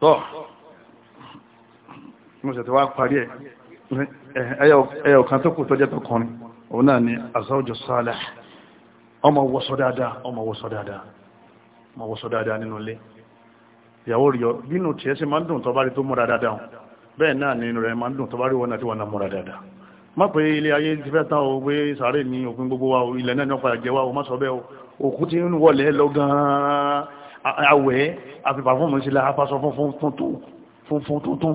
tọ́ mo ṣẹ̀tẹ̀ wá parí ẹ̀ ẹyọ kan tó kù tó jẹ́ tọkùnrin òun náà ni asáwùjọ sálẹ̀ ọmọ wọ́sọ dáadáa ọmọ wọ́sọ dáadáa ọmọ wọ́sọ dáadáa nínú ilé ìyàwó rí ọ bínú tiẹ̀ sí máa ń dùn tọ́bárí tó múra dáadáa bẹ́ẹ̀ náà nínú rẹ̀ máa ń dùn tọ́bárí wọn àti wọn múra dáadáa má pé ilé ayé ti fẹ́ tán o pé sàárè ní òpin gbogbo wa o ilẹ̀ náà ní ọ̀pá ìjẹwa o má sọ bẹ́ẹ̀ o òkú ti ń wọlé lọ gan-an awẹ́ àfipà fún mi sí la afasọ funfun tuntun funfun tuntun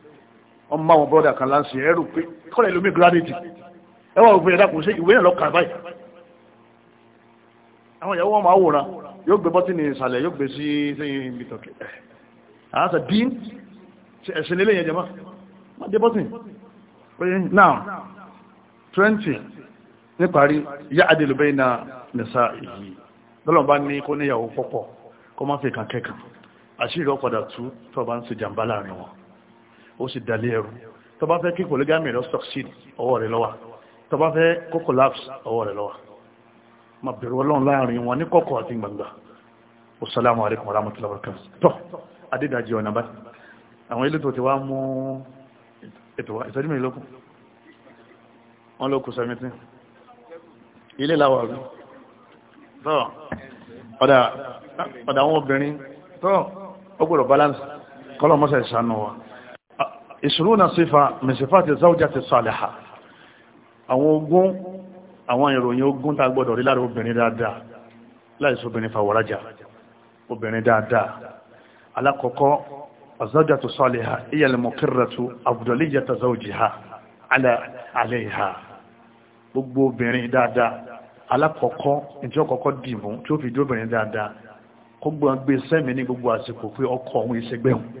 wọ́n máa wọn brọ́dà kan láǹsì ẹ̀rù pé kọ́lẹ̀ lómi granite ẹwà òfin ẹ̀dá kò sí ìwé yẹn lọ kà báyìí àwọn ìyàwó wọn máa wòran yóò gbé bọ́tìnì ìsàlẹ̀ yóò gbé sí sẹ́yìn ibi tọ̀kẹ́ àásà dín ẹ̀sìn ilé yẹn jẹma má dé bọ́tìnì now twenty níparí ìyá adèlúbẹ́ iná nìsa èyí lọ́lọ́ bá ní kó àṣírí ọ̀padà tú tó bá ń ṣe jàǹbá láàrin wọn ó sì dalẹ̀ ẹrù tó bá fẹ́ kí polygamy lọ succeed ọwọ́ rẹ̀ lọ́wà tó bá fẹ́ kó collapse ọwọ́ rẹ̀ lọ́wà ma bẹ̀rù ọlọ́run láàrin wọn ní kọ̀kọ̀ àti gbangba assalamu alaikum warahmatullahi wabarakatuh tọ́ adédájí ọ̀nà bá àwọn ilé tó ti wá mú ètò wa ìtọ́jú mẹ́rin lókùn wọn lókùn sẹ́mẹ́tì ilé láwọ̀ ọgbọ̀rọ̀ balance kọ́lọ̀ mọ́sẹ̀ ìsànú wa ìṣòrónà sífà mẹ́sífà ti záújá ti sàlẹ̀hà àwọn ogún àwọn ìròyìn ogún tá gbọ́dọ̀ rí lára obìnrin dáadáa láìsí obìnrin fàwọ̀rájà obìnrin dáadáa alákọ̀ọ́kọ́ azáújá ti sàlẹ̀hà iyẹlẹ̀ mọ̀kírẹ̀tù àbùdọ̀lẹ́yẹ ta záújìhà aláìhà gbogbo obìnrin dáadáa alákọ̀ọ́kọ́ ìjọ kọ̀ọ̀kọ́ dìmú tí ó fi dóbìnrin dáadáa kó gbọ́n gbé sẹ́mi ní gbogbo àsìkò pé ọkọ òun ìṣẹ́gbẹ̀hùn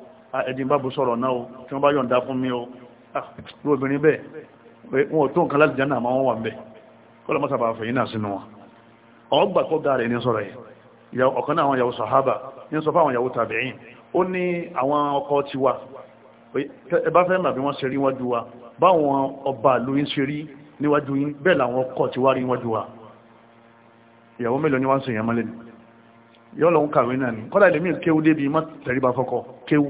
Ah, ẹ̀dín bá bu sọ̀rọ̀ náà o tí wọ́n bá yọ̀ǹda fún mi o ló ah, obìnrin bẹ́ẹ̀ wọn ò tó nǹkan láti jẹ́nà àmọ́ wọn wà bẹ́ẹ̀ kọ́lọ̀ mọ́sà bá fẹ̀yìn náà sínú wọn ọgbà kó dáa rẹ̀ ní sọ̀rọ̀ yìí ọ̀kan náà àwọn yàwó sàhábà ní sọ fáwọn yàwó ìyàwó mélòó ni wọ́n ń sèyàn mọ́lẹ́ni yọ́ lọ́n kàwé náà ni kọ́lá ilé mi kéwú débi má tẹ̀rí bá kéwú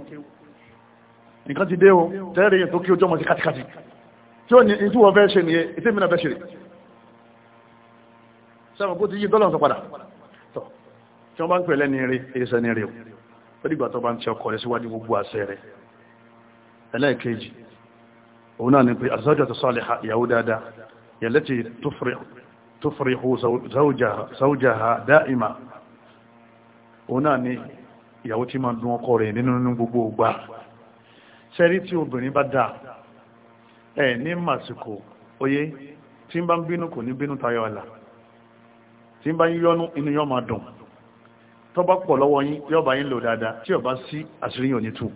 nǹkan ti dé o tẹ́rẹ̀ yẹn tó kí ojú ọmọ sí kátikáti tí ó ní ìtú wọ́n fẹ́ ṣe nìyẹn ìtí mìíràn fẹ́ ṣe sáwọn kó ti yí dọ́là sọ padà tọ́ tí wọ́n bá ń pè lẹ́ni rí iṣẹ́ ní rí o ó dìgbà tó bá ń ti ọkọ̀ rẹ̀ síwájú gbogbo àṣẹ rẹ̀ ẹlẹ́ẹ̀kejì òun náà ni pé àzájọ́ tó sọ́lẹ̀ ìyàwó dáadáa yẹ̀lẹ́tì tó fẹ́rẹ̀ hù sáújáha dáìmà òun náà ni ìyàwó tí máa dún ọkọ rẹ̀ nínú
gbogbo ògbà
sẹ́rí tí obìnrin bá dáa ẹ̀ ní màsìkò oyé tí ń bá ń bínú kò ní bínú tayọ àlà tí ń bá ń yọnu inú yọ máa dùn tó bá pọ̀ lọ́wọ́ yín yọ bá yín lò dáadáa tí ọba sí àṣírí yóò ní tú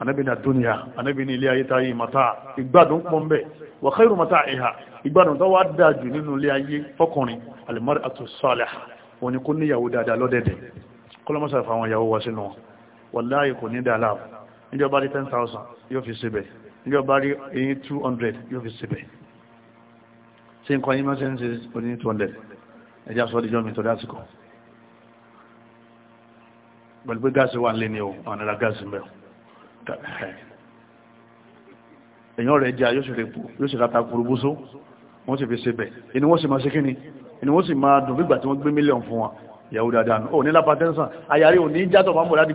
anábì àdúnyà anábì ilé ayé táyé mata ìgbádùn pọ̀ ń bẹ̀ wa khairu mata ìhà ìgbádùn tó wá dáa jù nínú ilé ayé fọkùnrin al-mar'atu salihah òní kó níyàwó dáadáa lọ́dẹ̀dẹ̀ kọ́lọ́mọ́sà fáwọn ìyàwó wa sínú wọn wàláyé kò ní dáa láàbù níjọba rí 10,000 yóò fi síbẹ̀ níjọba rí eyín 200 yóò fi síbẹ̀ tí nǹkan yí mẹ́sẹ̀ ń ṣe oní 200 ẹjá sọ́ díjọ́ mi tó dásìkò pẹ̀lú pé gáàsì wà ń lé ní o àwọn ará gáàsì mẹ́ èyàn rẹ̀ jẹ́ yóò sì rẹ̀ pò yóò sì rata kúrúbúsó wọ́n sì fi síbẹ̀ inú wọ́n sì máa ṣe kí ni inú wọ́n sì máa dùn bí ìgbà tí wọ́n gbé mílíọ̀n fún wa ìyàwó dáadáa ní lápá tẹ́sán ayàrí ò ní játọ̀ máa mọ̀ láti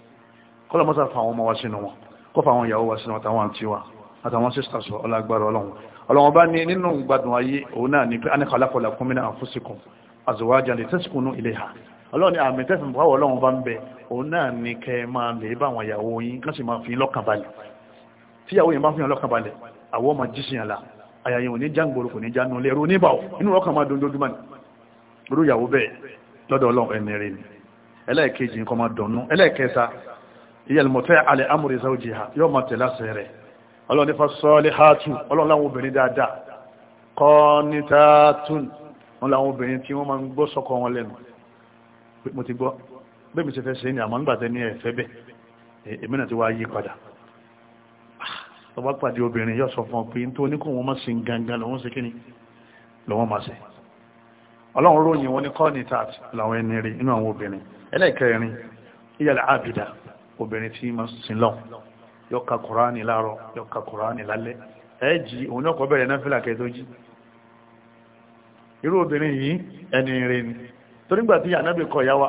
kọ́lọ̀ mọ́sá fa ọmọ wa sínú wọn kọ́ fa àwọn ìyàwó wa sínú àtàwọn àti wa àtàwọn sisters wa ọlágbára ọlọ́run ọlọ́run bá ní nínú gbádùn ayé òun náà ní pé an khalaqa lakum min anfusikum azwajan litaskunu ilayha ọlọ́run ní àmì tẹ́sán báwọ̀ ọlọ́run bá ń bẹ òun náà ní kẹ́ máa lè bá àwọn ìyàwó yín kán sì máa fi ọlọ́run ẹni rẹ̀ ni ẹlẹ́ẹ̀kejì nǹkan máa dọ̀nú ẹlẹ́ẹ̀kẹta ìyẹn mọ̀tẹ́ alẹ́ amúre zawjiha yóò máa tẹ̀lé àṣẹ rẹ̀ ọlọ́run nípa sọ́ọ́lé hátù ọlọ́run láwọn obìnrin dáadáa kọ́nítàtún wọn láwọn obìnrin tí wọ́n máa ń gbọ́ sọ́kọ wọn lẹ́nu mo ti gbọ́ bẹ́ẹ̀ mi ti fẹ́ ṣe ni àmọ́ nígbà tẹ́ ní ẹ̀fẹ́ bẹ́ẹ̀ èmi náà ti wá yí padà ah, tó bá pàdé obìnrin yóò sọ fún ọ pé tààtì làwọn ẹni rí inú àwọn obìnrin ẹlẹ́ẹ̀kẹrin ìyàlẹ̀ àbìdá obìnrin tí ma sin lọ yóò ka kùránì a yóò ka kùránì lálẹ́ ẹ jí òun náà kọ́ bẹ̀rẹ̀ náà fìlà kẹ́ tó jí irú obìnrin yìí ẹni rẹ̀ ni torí gbà tí ànábì kọ ìyàwó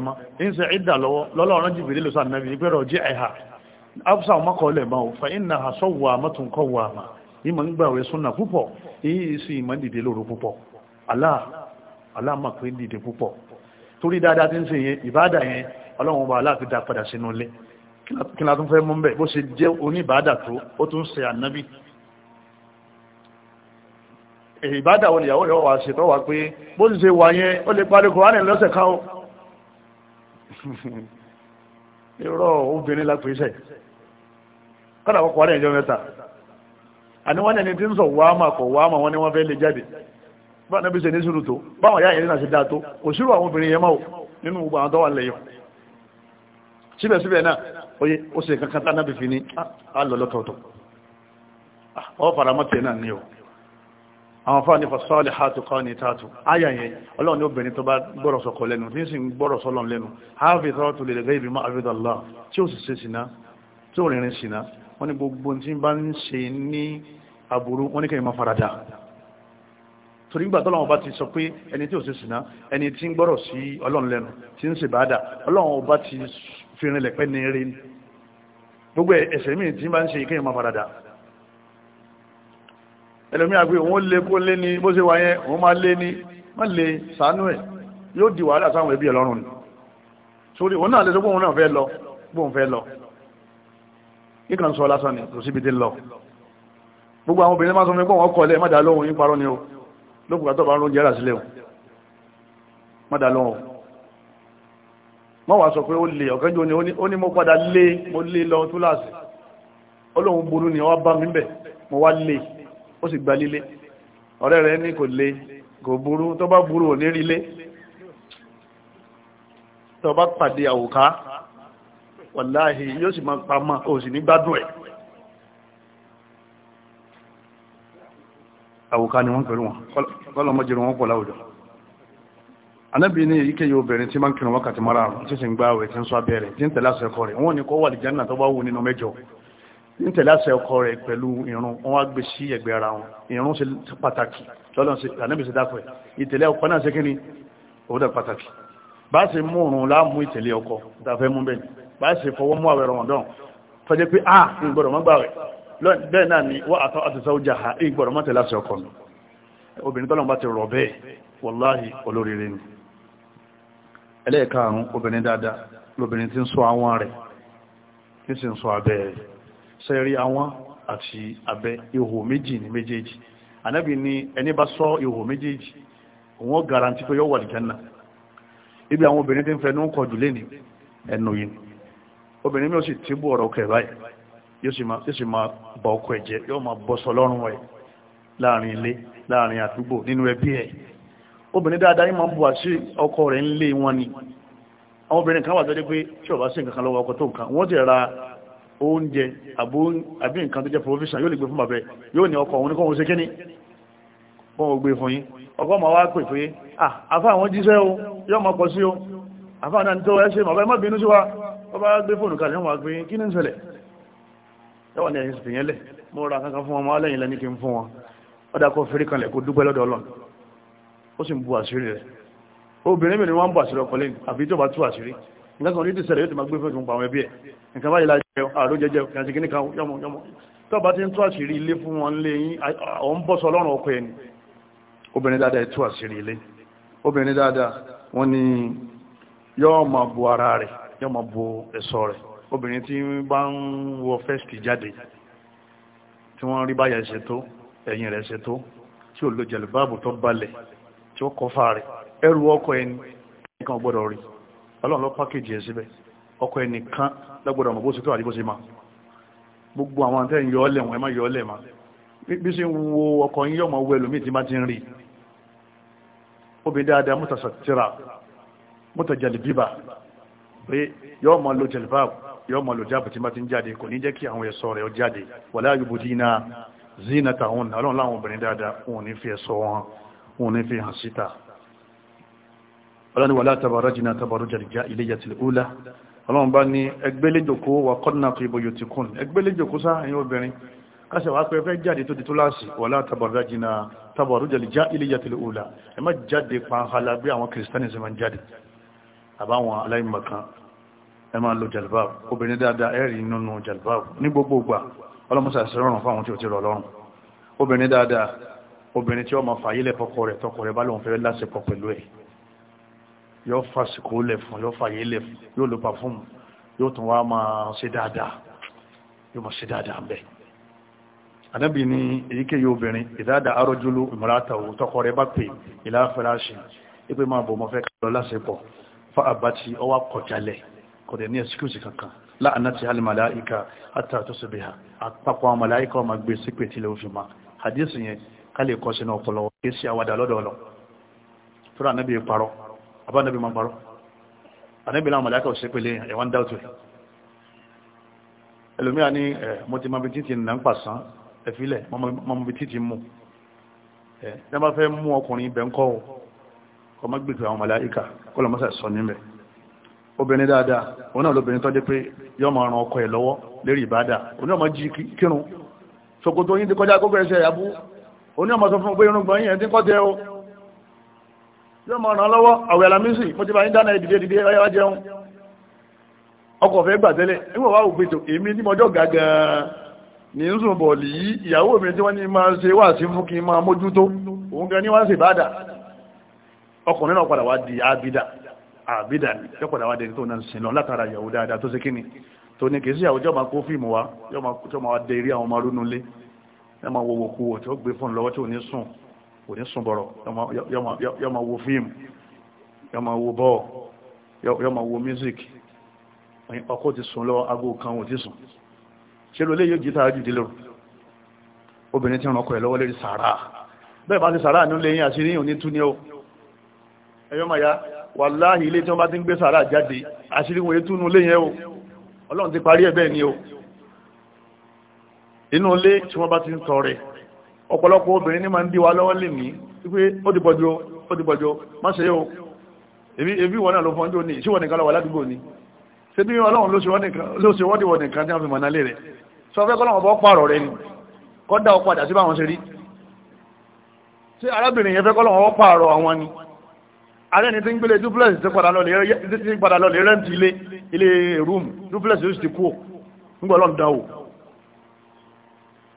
ma ń ṣe ìdà lọ́wọ́ lọ́lọ́run ànábì ma ò ma ìmọ̀ ń súnà púpọ̀ sì ìmọ̀ dìde lóru púpọ̀ torí dáadáa tí ń ṣe yẹn ìbáàdà yẹn ọlọ́run ọba aláàfin dá padà sínú ilé kí la tún fẹ́ mú bẹ́ẹ̀ bó ṣe jẹ́ oníbàádà tó ó tún ṣe ànábì ìbáàdà wọn ìyàwó rẹ̀ wà ṣètọ́ wà pé bó ṣe wà yẹn ó lè parí kò wá ní lọ́sẹ̀ ká ó irọ́ obìnrin la pèsè kọ́kọ́ wà ní mẹ́ta àníwọ́n ẹni ń sọ wàá báwọn ẹbí ṣe ní sùúrù tó báwọn ìyá yẹn náà ṣe dáa tó kò sírò àwọn obìnrin yẹn máa nínú gbogbo àwọn tó wà lẹ́yìn síbẹ̀síbẹ̀ náà oye ó ṣe kankan tá nábì fi ní alọ́lọ́tọ̀ọ̀tọ̀ ah, ọ ah, faramọ́tẹ̀ náà ní o àwọn fáwọn nípa sọ́ọ̀lẹ̀ hàtù kọ́ ní tààtù ayà yẹn ọlọ́run ní obìnrin tó bá gbọ́rọ̀ sọ̀kọ̀ lẹ́nu tí ń sì ń gbọ́rọ̀ sọ́lọ̀ torí gbà tọ́lọ́wọ́n bá ti sọ pé ẹni tí ò ṣe sìná ẹni tí ń gbọ́rọ̀ sí ọlọ́run lẹ́nu tí ń ṣèbáadà ọlọ́run bá ti fi rinlẹ̀ pẹ́ ní rí gbogbo ẹ̀sẹ̀ míì tí ń bá ń ṣe ìkéyàn máa faradà ẹlòmí àgbé òun lè kó lé ní bó ṣe wà òun máa lé ní má lè sàánú ẹ̀ yóò di wàhálà sáwọn ẹbí ọlọ́run ni sórí òun náà lè sọ pé òun náà fẹ́ lọ bóun fẹ́ lọ kíkan sọ lásán ni kò síbi tí ń lọ gbogbo àwọn obìnrin máa sọ fún mi pé wọ́n kọ́ lẹ́ má dá lóhun yín parọ́ ni o lókùnkà tó bá ń lóúnjẹ rà sílẹ̀ o mọ́dà lọ́wọ́ mọ́wàá sọ pé ó lè ọ̀kẹ́jọ́ ni ó ní mo padà lé mo lé lọ túláàsì olóhun burú ni ọwá bá mi bẹ̀ mo wá lé ó sì gba lílé ọ̀rẹ́ rẹ̀ ní kò lé kò burú tó bá burú ò ní rí lé tó bá pàdé àwòká wàláhì yóò sì máa pa mọ́ ò sì ní gbádùn ẹ̀ àwòká ni wọ́n pẹ̀lú wọn kọ́lọ̀ mọ́jẹ̀rọ wọn pọ̀ láwùjọ anábì ní ike yóò bẹ̀rẹ̀ tí máa ń kìrìn wákàtí mara àrùn tí sì ń gbáwẹ̀ tí ń sọ abẹ́rẹ̀ tí ń tẹ̀lé àṣẹ ọkọ rẹ̀ wọ́n ní kó wà lìjánà tó bá wù nínú mẹ́jọ ń tẹ̀lé àṣẹ ọkọ rẹ̀ pẹ̀lú irun wọ́n wá gbé sí ẹgbẹ́ ara wọn irun ṣe pàtàkì lọ́dọ̀ anábì ṣe dákọ̀ ìtẹ̀lé pé ah ń mọ́gbà rẹ̀ bẹ́ẹ̀ náà ni wọ́n àtọ́ àti sáwọ́jà ha èyí gbọ́dọ̀ mọ́tẹ̀ láti ọkọ̀ nù obìnrin tọ́lọ̀ bá ti rọ̀ bẹ́ẹ̀ wàláhì olóríire ni ẹlẹ́ẹ̀kaàrún obìnrin dáadáa lóbìnrin tí ń sọ àwọn rẹ̀ kí sì ń sọ abẹ́ rẹ̀ sẹ́rí àwọn àti abẹ́ ihò méjì ní méjèèjì anábì ni ẹni bá sọ ihò méjèèjì wọ́n garanti pé yóò wà nìjánà ibi àwọn obìnrin tí ń fẹnu kọjú lẹ́ni ẹnu yìí obìnrin mi ò sì tíbú ọ̀rọ̀ kẹ̀ báyìí yóò sì máa bọ ọkọ ẹ̀ jẹ́ yóò máa bọ́ sọ ẹ̀ láàrin ilé láàrin àdúgbò nínú ẹbí ẹ̀ obìnrin dáadáa yìí máa ń bu àṣírí ọkọ rẹ̀ ń wọn ni àwọn obìnrin kan wà tó dé pé tí ọba sí nǹkan kan lọ́wọ́ ọkọ tó nǹkan wọ́n ti ra oúnjẹ àbí nǹkan tó jẹ́ provision yóò lè gbé fún bàbẹ́ yóò ní ọkọ òun ní kọ́wọ́n ṣe kíní wọ́n ò gbé fún yín ọkọ ma wá pè pé ah afá àwọn jíṣẹ́ o yóò máa pọ̀ sí o afá náà tó ẹ ṣe màbá ẹ má bínú sí wa ọba gbé fóònù kalẹ̀ wọn wá pé kí ní ń ṣẹlẹ̀ ẹwà ní ẹ̀yìn sì fìyẹn lẹ̀ mo ra kankan fún ọmọ alẹ́yìn lẹ́ni kí n fún wọn ó dá kó fèrè kanlẹ̀ kó dúpẹ́ lọ́dọ̀ ọlọ́run ó sì ń bu àṣírí rẹ̀ obìnrin mi ni wọ́n ń bu àṣírí ọkọ̀ lẹ́yìn àfi tó bá tú àṣírí nǹkan kan ní ti ṣẹlẹ̀ yóò ti máa gbé fẹ́ fún àwọn ẹbí ẹ̀ nǹkan báyìí lájẹ àrò jẹjẹ kàǹtì kìnnìkan yọmọ yọmọ tó bá ti ń tú àṣírí ilé fún wọn lé yín àwọn ń bọ́sọ ọlọ́run ọkọ ẹni obìnrin dáadáa tú àṣírí ilé obìnrin dáadáa wọ́n ní yóò máa bu ara rẹ̀ yóò máa bu ẹ̀ṣọ́ rẹ̀ obìnrin tí bá ń wọ fẹ́sìtì jáde tí wọ́n rí báyà ṣe tó ẹ̀yìn rẹ̀ ṣe tó tí ò lo jẹ̀lúbáàbù tó balẹ̀ tí ó kọfà rẹ̀ ẹrù ọkọ ẹni nìkan gbọ́dọ̀ rí ọlọ́run lọ pákéjì ẹ̀ síbẹ̀ ọkọ ẹni kan lọ́gbọ́dọ̀ mọ̀ bó ṣe tó àdìbò ṣe máa gbogbo àwọn àtẹ́ yọ ọlẹ̀ wọn ẹ má yọ ọlẹ̀ ma bí ṣe ń wo ọkọ yín yọmọ wẹ lómi tí má ti ń rí obìnrin dáadáa mọ́tàṣàtìrà mọ́tàjàlìbíbà pé yọ́ mọ́ lo jẹ̀lúbáàbù yóò máa lò jáàbù tí bá ti ń jáde kò ní jẹ́ kí àwọn ẹ̀ṣọ́ rẹ̀ ó jáde wala yubdina zinatahunna ọlọ́run láwọn obìnrin dáadáa wọn ní fi ẹ̀ṣọ́ wọn wọn ní fi hàn síta ọlọ́run wala tabarajna tabarujal jahiliyyatil ula ọlọ́run bá ní ẹgbẹ́lẹ́jòkó wà qadna fi buyutikun ẹgbẹ́lẹ́jòkó sá ẹ̀yin obìnrin kásẹ̀ wá pé ẹ fẹ́ jáde tó di tó láàsì bí àwọn kìrìsìtánì sì máa jáde àbáwọn aláìmọ̀kan ẹ máa lo jalbab obìnrin dáadáa ẹ̀rì nínú jalbab ní gbogbo ìgbà ọlọ́mọsà sí rọrùn fáwọn tí ó ti rọ̀ lọ́rùn obìnrin dáadáa obìnrin tí ó máa fàyílẹ̀ fọ́kọ rẹ̀ tọkọ rẹ̀ bá lóun fẹ́ lásìkò pẹ̀lú ẹ̀ yóò fàsìkò lẹ̀ fún yóò fàyílẹ̀ fún yóò lo pàfún yóò tún wá máa ṣe dáadáa yóò máa ṣe dáadáa bẹ́ẹ̀ anábì ní èyíkéyìí obìnrin ìdáadáa arọ́júlú ìmọ̀ràtàwò tọkọ rẹ̀ bá pè ìlàáfẹ́ráṣì ipé máa bọ̀ mọ́fẹ́ kí lọ lásìkò fún àbátí ọwá kọjálẹ̀ kò dẹ̀ ní ẹ̀sìkúsì kankan láàánà ti hálì màláìka àtà tó sì bèèrè àpapọ̀ àwọn màláìka ọmọ gbé sípè tí lóò fi ma hadith yẹn ká lè kọ́ sínú ọpọlọ kí sí àwàdà lọ́dọọlọ tó rà nábì parọ́ àbá nábì máa parọ́ ànábì láwọn màláìka ò sí pèlè ẹ̀wọ́n dáùtù ẹlòmíà ní ẹ mo ti máa bi títì nà ẹ̀ dábàá obìnrin dáadáa òun náà lóbìnrin tọ́jú pé yọ́ máa ran ọkọ ẹ̀ lọ́wọ́ lérí ìbádà onye ọmọ jí kírun ṣòkòtò yí ti kọjá kókó ẹsẹ̀ ìyàbú òun ọmọ sọ fún pé irun gbọ̀nyìn kọ́ o yọ́ máa ràn lọ́wọ́ àwẹ̀ alamísì mo ti bá yín dáná ìdìde ìdìde ọyá jẹun ọkọ̀ fẹ́ gbà tẹ́lẹ̀ nígbà wà ó gbètò èmi ní mọjọ́ gàgàn ní ń tí wọ́n ní àbídà yóò padà wá dẹni tó náà sin lọ látara ìyàwó dáadáa tó ṣe kí ni tó ní kìí sí ìyàwó jọ́ máa kó fíìmù wá jọ́ máa dé rí àwọn ọmọ arúnú lé yọ́ máa wo wòkú wò tí ó gbé fóònù lọ́wọ́ tí ò ní sùn ò ní sùn bọ̀rọ̀ yọ́ máa wo fíìmù yọ́ máa wo bọ́ọ̀ yọ́ máa wo music ọkọ ti sùn lọ aago kan ò ti sùn ṣe ló lè yóò jí obìnrin tí ràn ọkọ ẹ̀ lọ́wọ́ lérí sàárà bẹ́ẹ̀ bá ti sàárà ní lè yín àṣírí ò ní tú ní ẹ̀yọ́ máa ya wàláhì ilé tí wọ́n bá ti ń gbé sàárà jáde àṣírí wọn ètùnú lé yẹn o ọlọ́run ti parí ẹ̀ bẹ́ẹ̀ ni o inú ilé tí wọ́n bá ti ń tọrẹ ọ̀pọ̀lọpọ̀ obìnrin ní máa ń dí wa lọ́wọ́ lè mí wípé ó ti pọ̀jù ó ti pọ̀jù má ṣe o èbí wọn náà ló fọ́n jó ní ìṣíwọ̀ nìkan lọ́wọ́ ládùúgbò ni ṣe bí ọlọ́run ló ṣe wọ́dìwọ̀ nìkan tí wọ́n fi mọ̀ nálé rẹ̀ ni kọ́dá ọpadà sí báwọn ṣe rí ṣé arábìnrin yẹn ààrẹ ni tí ń gbélé duplex ti padà lọ lè ilé ilé duplex yóò ti kú nígbà o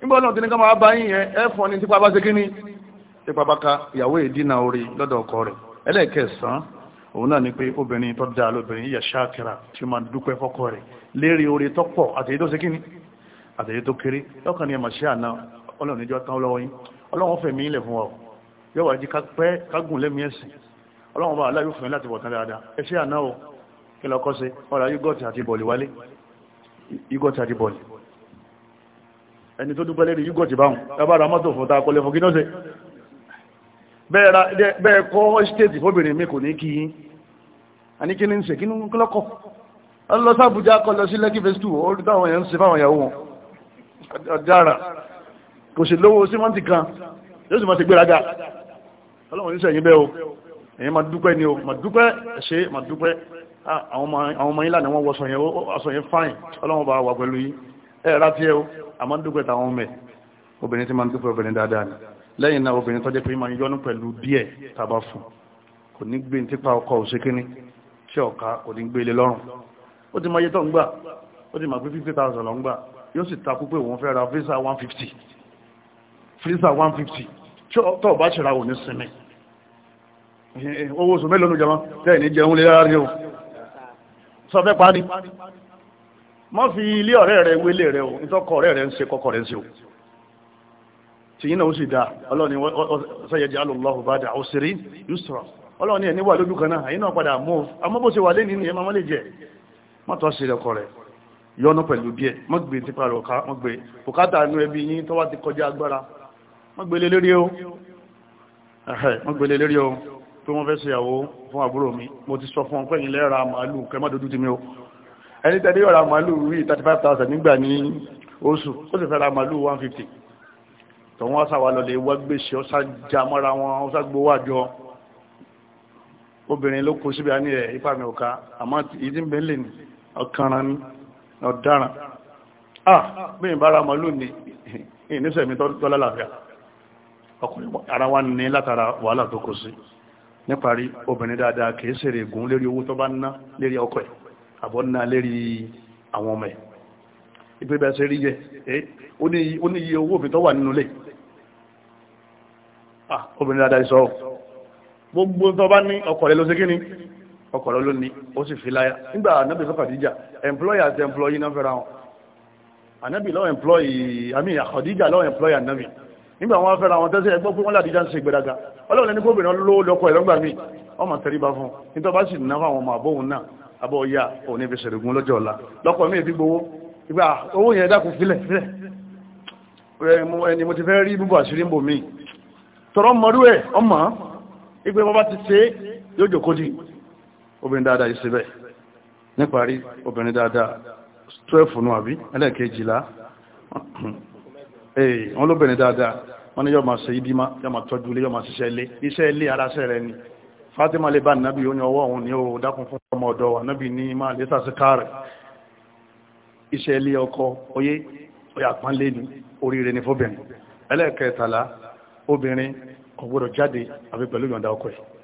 nígbà tí ní ká máa bá yín yẹn ẹ̀fọn ni bá ṣe kíní tipa bá ka ìyàwó ìdínà orí lọ́dọ̀ ọkọ rẹ̀ ẹlẹ́ẹ̀kẹsàn òun náà ni pé obìnrin tó dáa lóbìnrin yíyà ṣáàkìrà tí máa dúpẹ́ fọ́kọ rẹ̀ ọlọ́run bá aláyò fún láti bọ̀tán dáadáa ẹṣẹ́ àná o kílọ kọ́sẹ̀ ọ̀rọ̀ yígọ́tì àti bọ̀lì wálé yígọ́tì àti bọ̀lì ẹni tó dúpẹ́ lérí yígọ́tì báhùn ẹbára mọ́tò fún ta kọlẹ̀ fún gínọ́sẹ̀ bẹ́ẹ̀ kọ́ stéètì fóbìnrin mi kò ní kí yín a ní kí ní ń ṣe kí ní kílọ́kọ̀ ọlọ sábùjá kọ lọ sí lẹ́kì fẹ́sítù orí táwọn èèyàn ń ṣe fáwọn ìyàwó wọn dára kò sì lówó símọ́ǹtì kan yóò sì mọ́ ti gbéraga ọlọ́run ní sẹ́yìn bẹ́ẹ̀ o èyí ma dúpẹ́ ni o ma dúpẹ́ ṣe ma dúpẹ́ ah, àwọn ọmọ ilá ni wọ́n wọ́sọ̀ yẹn aṣọ yẹn fáìn ọlọ́wọ́n bá wà pẹ̀lú yìí ẹ ráti ẹ o a ma dúpẹ́ tàwọn ọmọ ẹ obìnrin tí ma ń dúpẹ́ obìnrin dáadáa ni lẹ́yìn náà obìnrin tọ́jú pé ma ń yọnu pẹ̀lú díẹ̀ tàbá fún kò ní gbé nípa ọkọ̀ òṣèkíní ṣé ọ̀ka kò ní gbé ilé lọ́rùn ó ti ma yẹ tó ń gbà ó ti ma pé fifty thousand lọ ń gbà yóò sì takú pé òun fẹ́ ra visa one fifty visa one fifty tó o bá ṣe ra òní sinmi Eh, owó oṣù mélòó jọmọ́ tẹ́ẹ̀ jẹun lé rárá o sọ fẹ́ pa ní mọ́ fi ilé ọ̀rẹ́ rẹ wélé rẹ o nítọ́kọ̀ ọ̀rẹ́ rẹ ń kọ́kọ̀ ń o tìyín náà ó sì dáa ọlọ́ni sẹ́yẹ̀dì alùlọ́hù bá dà òsìrí yusra ọlọ́ni ẹ̀ níwà lójú kan náà pẹ̀lú bí mọ́gbé mọ́gbé bùkátà inú ẹbí ti kọjá agbára lérí o pé wọ́n fẹ́ ṣe ìyàwó fún àbúrò mi mo ti sọ fún ọ pẹ́yìn lẹ́ra màálù kẹmọ́ dúdú ti mi o ẹni tẹ́lé ọ̀rà màálù rí 35,000 nígbà ní oṣù ó sì fẹ́ ra màálù 150 tọ̀wọ́n wá sáwà lọ́lẹ̀ wá gbèsè ọ̀sá já mọ́ra wọn ọ̀sá gbowó àjọ obìnrin ah bẹ́ẹ̀ bá ra màálù ní ìníṣẹ̀mí tọ́lá làbíà ọkùnrin ara wa ní látara wàhálà tó kó sí níparí obìnrin dáadáa kìí ṣe règùn lérí owó tó bá ná lérí ọkọ ẹ̀ àbọ̀ ná lérí àwọn ọmọ ẹ̀ ìgbé bẹ́ẹ̀ ṣe rí yẹ ó ní iye owó òfin tó wà nínú lè obìnrin dáadáa sọ gbogbo tó bá ní ọkọ rẹ̀ ló ṣe kíni ọkọ rẹ̀ ló ní ó sì fi láyà nígbà anábì sọ Khadija employer àti employee náà fẹ́ra wọn anábì lọ́wọ́ employee àmì Khadija lọ́wọ́ employer anábì nígbà wọn fẹ́ra wọn tẹ́sí ẹgbọ́ fún wọn láti jáǹsì gbẹ̀dàgà ọlọ́run ẹni kóbìnrin ló lọ́kọ̀ ẹ̀lọ́gbà mi ọmọ tẹríba fún nítorí bá sì náwó àwọn ma àbóhun náà abọ́ ọya òní fi ṣẹ̀rẹ̀gún lọ́jọ́ ọ̀la lọ́kọ̀ mi ìdí gbowó ìgbà owó yẹn dákun filẹ̀ filẹ̀ mo ti fẹ́ rí búbọ̀ àṣírí bò mí tọrọ mọdú ẹ ọmọ ti ṣe yóò jòkó di obìnrin dáadáa yìí síbẹ̀ níparí obìnrin dáadáa 12 nù àbí ẹlẹ́ẹ̀kejìlá ee wọn lóbìnrin dáadáa wọn ni yọ ma ṣe ibímá yóò ma tọ́jú ilé yọ ma ṣiṣẹ́ ilé iṣẹ́ ilé aláṣẹ rẹ ni Fatima lè bá nàbí ó ọwọ́ òun ni ó dákun fún ọmọ ọ̀dọ́ wa nàbí ní lè iṣẹ́ ilé ọkọ oyé oyà pánlé ni oríire ni fóbìnrin ẹlẹ́ẹ̀kẹtàlá obìnrin kò jáde pẹ̀lú yọ̀ǹda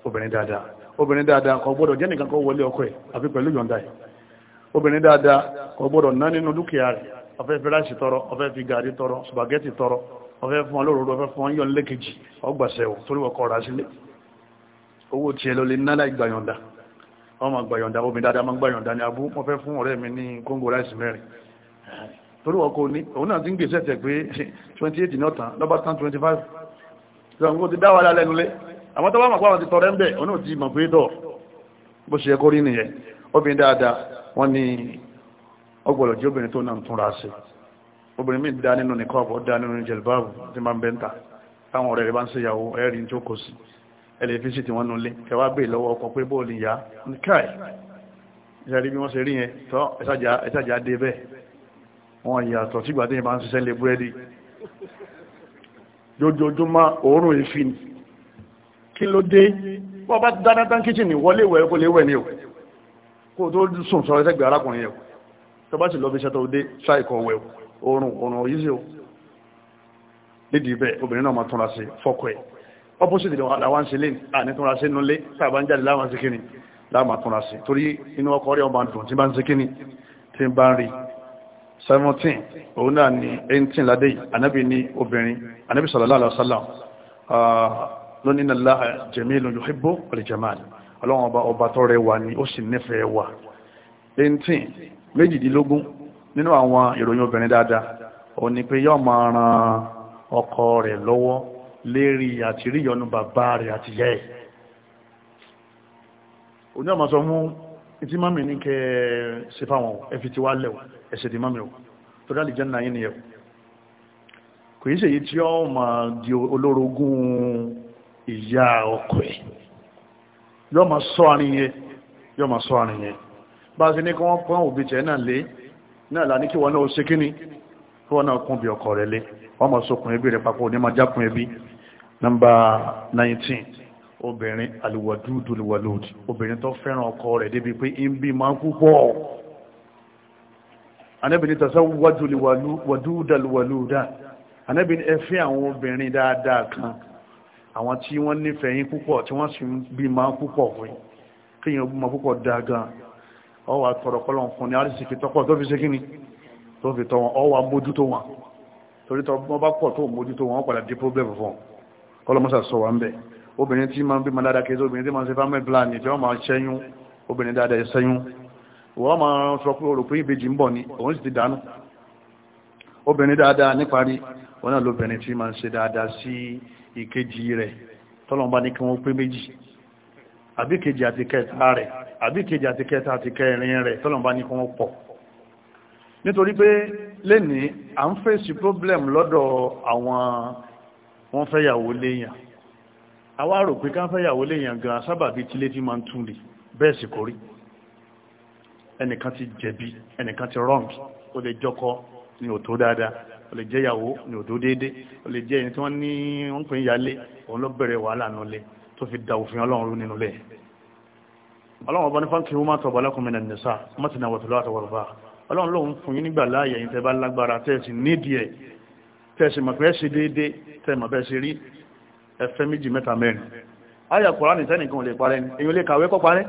obìnrin dáadáa obìnrin dáadáa kò wọlé pẹ̀lú ọfẹ́ fi ráṣì tọrọ ọfẹ́ fi gàrí tọrọ spaghetti tọrọ ọfẹ́ fún ọlọ́rọ̀ ọfẹ́ fún ọyọ́ lẹ́kẹjì ọgbàṣẹ́ ò torí wọ́n kọ̀ọ̀rọ̀ sílẹ̀ owó tiẹ̀ ló lè ná láì gbàyọ̀ǹda wọ́n máa gbàyọ̀ǹda omi dáadáa máa gbàyọ̀ǹda ní abú wọ́n fẹ́ fún ọ̀rẹ́ mi ní kóńgò ráìsì mẹ́rin torí wọ́n kò òun náà ti ń gbèsè tẹ̀ pé twenty eight náà tán lọ́ba tán twenty five ìgbàgbọ́ ti dá wàhálà lẹ́nu lé àwọn tó bá mọ̀ pé àwọn ti tọrẹ ń bẹ̀ òun náà ti mọ̀ pé tọ̀ bó ṣe kórí nìyẹn obìnrin dáadáa wọ́n ní ọgbọ̀lọ̀ jẹ́ obìnrin tó náà túnra sí obìnrin mi dá nínú nìkan ọ̀pọ̀ dá nínú jẹ̀lbáàbù tí máa ń bẹ́ńtà táwọn ọ̀rẹ́ rẹ̀ bá ń ṣe ìyàwó ẹ̀rí tó kò sí ẹlẹ́fíṣì tí wọ́n nu lé kẹwà bè lọ́wọ́ ọkọ̀ pé bóòlù ìyá ní káì ìṣàrí bí wọ́n ṣe rí yẹn tọ́ ẹ̀sàjà dé bẹ́ẹ̀ wọ́n yàtọ̀ sígbà tí ìbá ń ṣiṣẹ́ lé búrẹ́dì jojoojúmọ́ òórùn ìfin kí ló dé wọ́n bá dáná tán kíchìnì wọlé ìwẹ̀ kó lè wẹ̀ ní o kó tó sùn sọ ẹsẹ́gbẹ̀ arákùnrin yẹn tó bá sì lọ bí iṣẹ́ tó dé ṣáìkọ̀ wẹ̀ oorun ọ̀nà yìí sí o nídìí bẹ́ẹ̀ obìnrin náà máa túnra sí fọ́kọ ẹ̀ opposite ìdíwọ̀n àdáwà ń se lé àní túnra sí nulé tàbá ń jáde láwọn sí kíni láàmà túnra sí torí inú ọkọ̀ rẹ̀ ọba dùn tí bá ń se tí bá ń rí 17 òun náà ni 18 ládé yìí ní obìnrin anábì sallallahu alaihi wasallam lónìí náà láà jamilun yuhibbu al-jamal ọlọ́wọ́n ọba ọba tọ́rẹ wà méjìdínlógún nínú àwọn ìròyìn obìnrin dáadáa òun ni pé yóò máa ran ọkọ rẹ̀ lọ́wọ́ lérí àti ríyọnu bàbá rẹ̀ àti yẹ́ ẹ̀ òun ni ọmọ sọ fún ìtí mami ní kẹ ṣe fáwọn ẹfi tí wá lẹ̀ ẹ̀ṣẹ̀ tí mami o tó dá lè jẹ́ náà yín ni ẹ̀ kò yí ṣèyí tí ó máa di olórogún ìyá ọkọ ẹ̀ yóò máa sọ àárín yẹn yóò máa sọ àárín yẹn bá a ṣe ní kí wọ́n pọ́n òbí jẹ́ náà lé náà lá ní kí wọ́n náà ṣe kíní kí wọ́n náà kún bí ọkọ rẹ̀ lé wọ́n mọ̀ sókun ẹbí rẹ̀ papọ̀ ní máa jákun ẹbí nọ́mbà 19 obìnrin alùwàdúdú lùwàlódì obìnrin tó fẹ́ràn ọkọ rẹ̀ débi pé ń bí máa púpọ̀ anábìnrin tàṣà wàdúdà lùwàlódà anábìnrin àwọn obìnrin dáadáa kan àwọn tí wọ́n nífẹ̀ẹ́ púpọ̀ tí wọ́n sì bí máa púpọ̀ fún yín kéèyàn púpọ̀ dáa gan ọwà tọrọ kọ́lọ̀ fún ní àrísìkì tọ́pọ̀ tó fi ṣe kíni tó fi tọ́ wọn ọwà mójútó wọn torí tọ́ wọn bá pọ̀ tó mójútó wọn padà di problem fún kọ́lọ̀ mọ́sà sọ wọn bẹ́ẹ̀ obìnrin tí máa ń bí madára kejì obìnrin tí máa ń ṣe family plan ìjọ máa ṣẹ́yún obìnrin dáadáa ṣẹ́yún wọ́n máa sọ pé orò ìbejì ń bọ̀ ni òun sì ti dànù obìnrin dáadáa níparí wọn náà lóbìnrin tí máa ń ṣe dáadáa sí ìkejì rẹ̀ tọ́lọ́mbá ní kí wọ́n pé méjì àbí kejì àti kẹta rẹ̀ àbí kejì àti kẹta àti kẹrin rẹ̀ tọ́lọ̀mbá ní kan pọ̀ nítorí pé lẹ́ni à ń fèsì problem lọ́dọ̀ àwọn wọ́n fẹ́yàwó léèyàn àwa rò pé ká fẹ́yàwó léèyàn gan sábàbí tí lé fi máa ń tún lè bẹ́ẹ̀ sì kórí ẹnìkan ti jẹ̀bi ẹnìkan ti wrong ó lè jọkọ ní òtó dáadáa ó lè jẹ́ ìyàwó ní òtó déédéé ó lè jẹ́ ẹni tí wọ́n ní wọ́n pè ń yálé òun ló bẹ̀rẹ̀ wàhálà nulẹ̀ tó fi da òfin ọlọ́run nínú lẹ̀ ọlọ́run ọba ní fáńkì wọ́n máa tọ̀bọ̀ lẹ́kùnmí nà nìsá mọ́tìnà wọ̀tọ̀lọ́ àtọwọ̀rọ̀bá ọlọ́run lóun fún yín nígbà láàyè yìí tẹ́ bá lágbára tẹ́ẹ̀sì nídìí ẹ̀ tẹ́ẹ̀sì mọ̀ pẹ́ẹ́sì déédé rí ẹ̀fẹ́ méjì mẹ́ta mẹ́rin ayà kùránì tẹ́nìkan lè parẹ́ ni èyí lè kàwé kọ́ parẹ́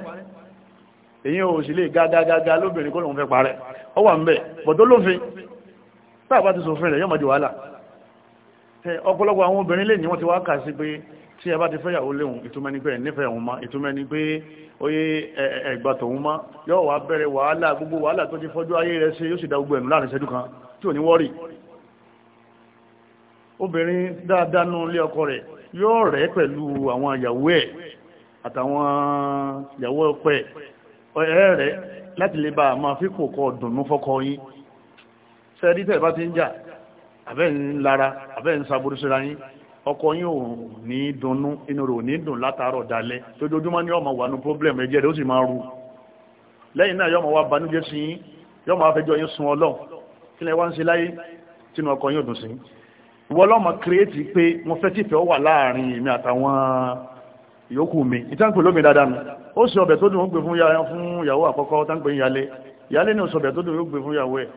èyí ò sì lè gágágágá lóbìnrin kó lòun fẹ́ parẹ́ ọ wà ń bẹ̀ bọ̀dọ́ lófin táà bá ti sòfin rẹ̀ yọ́mọdé wàhálà ọ̀pọ̀lọpọ̀ àwọn obìnrin lè ní wọ́n ti wá kà sí pé tí ẹ bá ti fẹ́yàwó léhun ìtumẹ́ ní pé ẹ̀nífẹ́ ẹ̀hún ma ìtumẹ́ ní pé oyé ẹ̀gbà tòun ma yóò wá bẹ̀rẹ̀ wàhálà gbogbo wàhálà tó ti fọ́jú ayé rẹ̀ ṣe yóò sì da gbogbo ẹ̀nu láàrin ìṣẹ́jú kan tí ò ní wọ́rì obìnrin dáadáa nú ilé ọkọ rẹ̀ yóò rẹ̀ pẹ̀lú àwọn ìyàwó ẹ̀ àtàwọn ìyàwó ọpẹ ẹ̀ rẹ̀ láti lè bá máa fi kọ dùnú fọ́kọ yín sẹ́ẹ̀dí tẹ̀ bá ti ń jà àbẹ́ ń lara àbẹ́ ń saburú síra yín ọkọ yín ò ní dunnú inú rò ní dùn látàárọ̀ dalẹ́ lójoojúmọ́ ní ọmọ wà ní problem ẹ̀jẹ̀ rẹ̀ ó sì máa ru lẹ́yìn náà yọmọ wa banújẹ́ sí yín yọmọ afẹjọ́ yín sun ọlọ́ kí lẹ wá ń ṣe láyé tínú ọkọ yín ò dùn sí ìwọ ọlọ́mọ kírẹ́ẹ̀tì pé mo fẹ́ tìfẹ́ wà láàrin èmi àtàwọn ìyókù mi ìtànkù lómi dáadáa nù ó sì ọbẹ̀ tó dùn ó gbé fún ìyàwó àkọ́kọ́ táǹpé ìyálé ìyálé ní òsọbẹ̀ tó dùn ó gbé fún ìyàwó ẹ̀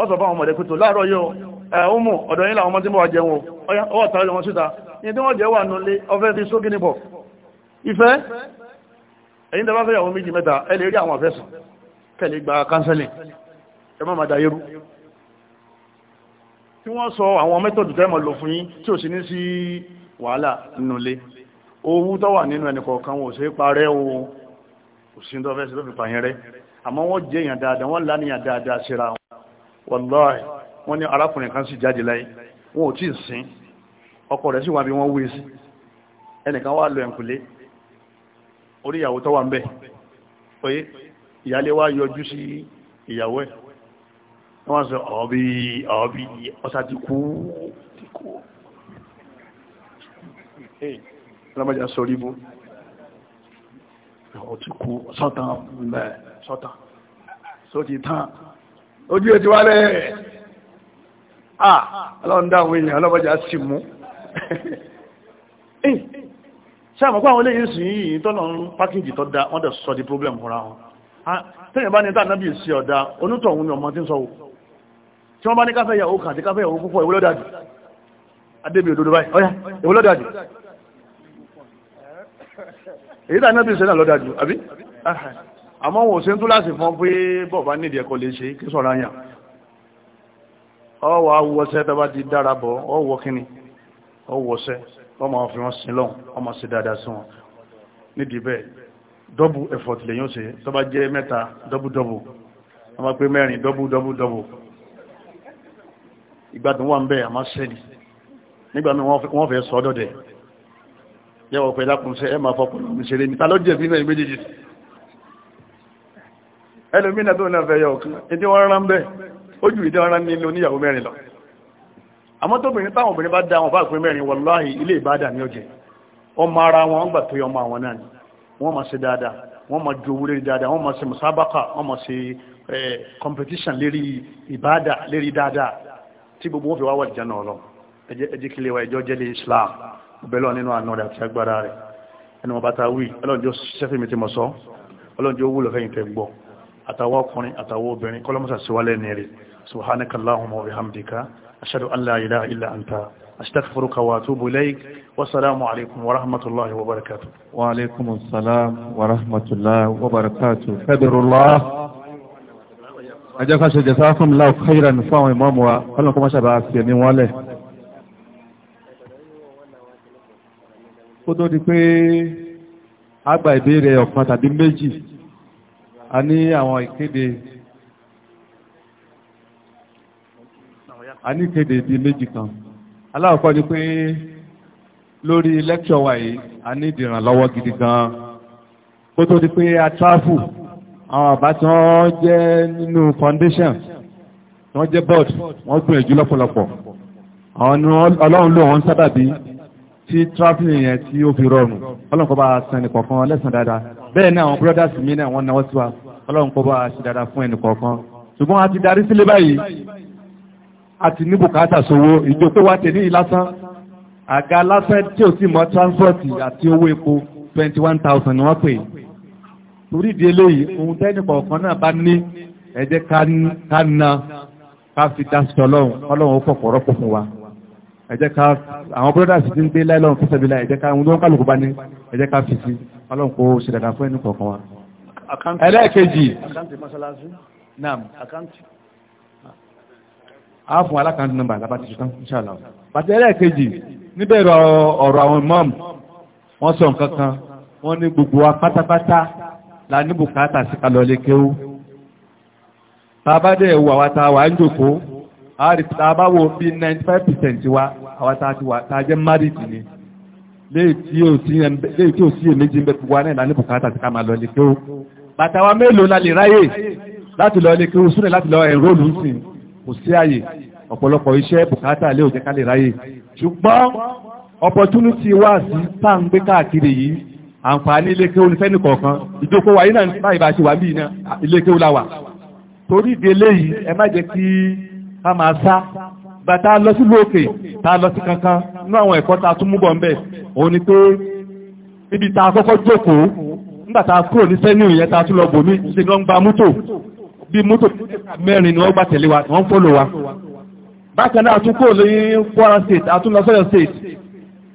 ọ sọ ọmọdé pé láàárọ̀ yóò ẹ̀ ó ọ̀dọ̀ yín làwọn ọmọ tí mo jẹun ọwọ́ tààrẹ wọn síta ní tí wọ́n jẹ́ wà nulé ọfẹ́ ti sókè níbọ̀ ìfẹ́ ẹ̀yìn tẹ́bá fẹ́yàwó méjì mẹ́ta ẹ lè rí àwọn àfẹ́sùn kẹ́lẹ̀ gba kánsẹ́lìn ẹ má máa dayérú tí wọ́n sọ àwọn mẹ́tọ̀dù tẹ́mọ̀ lò fún yín tí ò sí ní sí wàhálà nulé owó tó wà nínú ẹnì kọ̀ọ̀kan wọn ò sí o kò sí tó fẹ́ sí tó fi pààyàn rẹ àmọ́ wọ́n jẹ́ èèyàn dáadáa wọ́n lánìyàn dáadáa síra wọn wọ́n ní arákùnrin kan sì jáde láyé wọn ò tí ì sin ọkọ rẹ̀ sì wà bí wọ́n wé sí ẹnìkan wá lọ ẹ̀kùnlé orí ìyàwó tó wà ń bẹ̀ pé ìyálé wá yọjú sí ìyàwó ẹ̀ wọ́n sọ ọ̀bí ọ̀bí ọ̀sá ti kú ti kú ọlọ́mọdé sọ ríbó ọ̀ ti kú sọ́tàn mẹ́ sọ́tàn só ti tán ojú ẹ̀ ti wálẹ̀ ah ọlọ́run dáwọn èèyàn ọlọ́bọ̀já sì mú sáàmọ̀pá eh, àwọn olóyìn sí yìí tọ́nà pákíjì tó dá wọ́n dẹ̀ sọ di problem fúnra wọn tẹ́yìn bá ní tàà nábì sí ọ̀dá onútọ̀ òun ni ọmọ tí ń sọ tí wọ́n bá ní káfẹ́ ìyàwó kan àti káfẹ́ ìyàwó púpọ̀ ìwé lọ́dàjù adébí òdodo báyìí ọ̀yá ìwé lọ́dàjù èyí tàà nábì sí náà lọ́dàjù àbí àmọ́ wọn ò sí ń tú láti fọ́n pé bọ́ọ̀ bá nídìí ẹ̀kọ́ lè ṣe kí sọ̀rọ̀ àyàn ọwọ́ awọ́sẹ́ tó bá ti dára bọ̀ ọwọ́ kíní ọwọ́sẹ́ ọmọ fi wọ́n sí lọ́n ọmọ sí dáadáa sí wọn nídìí bẹ́ẹ̀ dọ́bù effort lèyàn ṣe tó bá jẹ́ mẹ́ta dọ́bù dọ́bù wọ́n bá pé mẹ́rin dọ́bù dọ́bù dọ́bù ìgbádùn wà ń bẹ́ẹ̀ àmá sẹ́ni nígbà mi wọ́n fẹ́ sọ dọ́dẹ̀ yẹ́wọ̀ pẹ̀lú àkùnṣẹ́ ẹ máa fọpọlọ mi ṣeré mi ta ló jẹ̀bi náà méjèèjì ẹlòmínà tó náà fẹ́ yọ ọ̀kan ètí wọ́n rán bẹ́ẹ̀ ó ju ìdí ọ̀rán nílé oníyàwó mẹ́rin lọ àmọ́ tóbìnrin táwọn obìnrin bá dá wọn fà pé mẹ́rin wọláhì ilé ìbádà ní ọjẹ́ ọmọ ara wọn gbà tó yọ ọmọ àwọn náà ni wọ́n máa ṣe dáadáa wọ́n máa ju owó dáadáa wọ́n máa ṣe musabaka wọ́n máa ṣe competition lérí ìbádà lérí dáadáa tí gbogbo wọn fi wá wà jẹ́ náà lọ ẹjẹ́ kílé wa ìjọ jẹ́lé Islam bẹ́lọ̀ nínú àná rẹ̀ àti agbára rẹ̀ ẹnu ọba ta wí ọlọ́njọ́ sẹ́fẹ̀mí ti mọ̀ sọ ọlọ́njọ́ wúlò fẹ́yìntẹ́ gbọ́ àtàwọn ọkùnrin àtàwọn obìnrin kọlọmọsà síwálẹ̀ ní rẹ̀ subhanakallahumma wa bihamdika ashhadu an la ilaha illa anta astaghfiruka wa atubu ilaik wa salamu alaykum wa rahmatullahi wa barakatuh
wa alaykum assalam wa rahmatullahi wa barakatuh fadrullah ajaka jazakum law khairan fa imam wa kọlọmọ kọmọ sábà fi ẹ̀mí wọn ó tó di pé àgbà ìbéèrè ọ̀kan tàbí méjì a ní àwọn ìkéde a ní ìkéde bíi méjì kan aláwọ̀kọ́ ni pé lórí lẹ́kṣọ̀ wa yìí a ní ìdìrànlọ́wọ́ gidi gan kó tó di pé a tráfù àwọn àbá tí wọ́n jẹ́ nínú foundation tí wọ́n jẹ́ board wọ́n gbìyànjú lọ́pọ̀lọpọ̀ àwọn ni ọlọ́run ló wọn sábàbí tí traveling yẹn tí ó fi rọrùn ọlọ́run kọ́ bá san nìkan fún ọ lẹ́sàn dáadáa bẹ́ẹ̀ ni àwọn brothers mi náà wọ́n náwó sí wa ọlọ́run kó bá a ṣe dáadáa fún ẹnì kọ̀ọ̀kan ṣùgbọ́n a ti darí sílé báyìí a ti ní bùkátà sówó ìjókòó wa tẹ̀ níyì lásán àga lásán tí ò sì mọ transport àti owó epo twenty one thousand ni wọ́n pè torí ìdí eléyìí ohun tẹ́nì kọ̀ọ̀kan náà bá ní ẹ ká na ká fi dáṣọ ọlọ́run ọlọ́run ó pọ̀ pọ̀rọ́pọ̀ fún wa ẹ jẹ́ ká àwọn brothers ti ń dé láìlọ́run fún sẹ́bílá ẹ jẹ́ ká ohun tó ń kálukú bá ní ẹ ká fi sí ọlọ́run kó ṣe fún ẹnì kọ̀ọ̀kan wa ẹlẹ́ẹ̀kejì a fún alákàntì nọ́mbà lábàtí ṣùgbọ́n ṣàlọ́ bàtí ẹlẹ́ẹ̀kejì níbẹ̀rẹ̀ ọ̀rọ̀ àwọn mọ́m wọ́n sọ nǹkan kan wọ́n ní gbogbo wa pátápátá la ní bùkátà sí kalọ̀lẹ́ kéwú tàbádẹ́ ẹ̀wọ̀ àwátá wà ń jòkó àbáwò bí 95% wa àwátá ti wà tàjẹ́ marriage ni léè tí ò sí èméjì ń bẹ̀ gbogbo wa náà la ní bùkátà sí kalọ̀lẹ́ kéwú bàtàwà mélòó la lè ráyè láti lọ ilé kéwú súnlẹ̀ láti lọ ẹ̀rọ́ọ̀lù ń sìn kò sí àyè ọ̀pọ̀lọpọ̀ iṣẹ́ bùkátà lé òjẹ́ká lè ráyè ṣùgbọ́n opportunity wà sí tá à ń gbé káàkiri yìí àǹfààní ilé kéwú ní fẹ́ni kọ̀ọ̀kan ìjókòó wa yìí náà bá ìbá ṣe wà bí ilé kéwú la wà torí ìdí eléyìí ẹ má jẹ́ kí ká máa sá bàtà lọ sí lókè tá a lọ sí kankan nínú àwọn ẹ̀kọ́ tá tún múbọ̀ ń bẹ̀ òun ni pé ibi tá kọ́kọ́ jókòó nígbà tá a kúrò ní sẹ́niù yẹn tá a tún lọ bò mí ṣe lọ ń gba mọ́tò bí mọ́tò mẹ́rin ni wọ́n gbà tẹ̀lé wa wọ́n fọ́lọ̀ wa bákan náà tún kúrò ní Kwara state a tún lọ sọ́yọ̀ state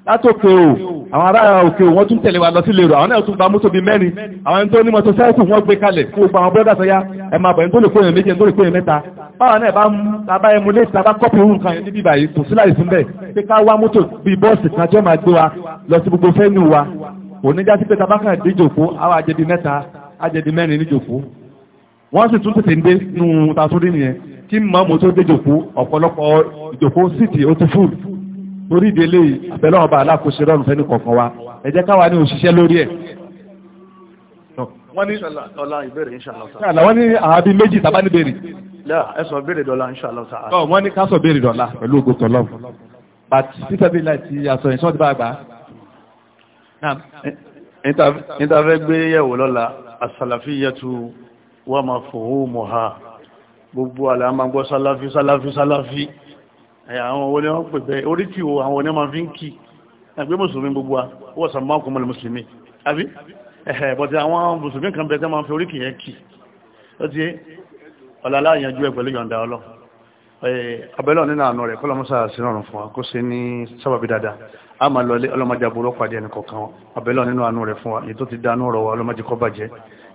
látòkè o àwọn ará òkè o wọ́n tún tẹ̀lé wa lọ sí lérò àwọn náà tún gba mọ́tò bíi mẹ́rin àwọn ẹni tó ní mọ́tò sáyẹ́kù wọ́n gbé kalẹ̀ fún gbogbo àwọn bọ́dà sọ́yá ẹ máa bọ̀ ẹni tó lè kóyàn méjì ẹni tó lè kóyàn mẹ́ta báwa náà bá bá ẹmu léètì bá kọ́pì òun kan ní bíbà yìí kò síláyìí fún bẹ́ẹ̀ pé ká wá mọ́tò bíi bọ́ọ̀sì kan jọ́ máa gbé wa lọ sí gbogbo fẹ́nu oníjà sí pé tabaka díjòkó àwọn àjẹdì mẹ́ta àjẹdì mẹ́rin níjòkó wọ́n sì tún tètè ń dé nù tasúrí nìyẹn kí mọ́mú tó díjòkó ọ̀pọ̀lọpọ̀ ìjòkó síìtì ó ti fún torí ìdílé àbẹ̀lẹ̀ ọba alákòóso rọrùn fẹ́ni kọ̀ọ̀kan wa ẹ jẹ́ káwa ní òṣìṣẹ́ lórí ẹ̀.
wọ́n ní ọ̀la ìbéèrè ìṣàlọ́sà.
wọ́n ní àbí méjì tàbá ní béèrè. ẹ sọ wọ́n ní ká sọ béèrè dọ́là pẹ̀lú ògùn tọ́lọ́ ìtafẹ́
gbé yẹ̀wò lọ́la asàlàfíyàtú wà máa fòhó mọ̀ha gbogbo alẹ́ a máa gbọ́ sálàfí sálàfí sálàfí àwọn wọlé wọ́n pè bẹ́ orí kí o àwọn onímọ̀ fi ń kí ẹgbẹ́ mùsùlùmí gbogbo wọ́n sàmọ́kùn mọ̀lẹ̀ mùsùlùmí àbí ẹ̀hẹ̀ bọ̀tí àwọn mùsùlùmí kan bẹ̀ tẹ́ máa fi orí kì yẹn kí ó ti ọ̀làlá ìyànjú ẹ̀ pẹ̀lú a máa lọlé ọlọ́mọdé aburú pàdé ẹnì kọ̀ọ̀kan wọn abẹ́lẹ́ nínú àánú rẹ̀ fún wa èyí tó ti dánú ọ̀rọ̀ wa ọlọ́mọdé kọ́ bàjẹ́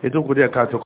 èyí tó kù díẹ̀ káàtó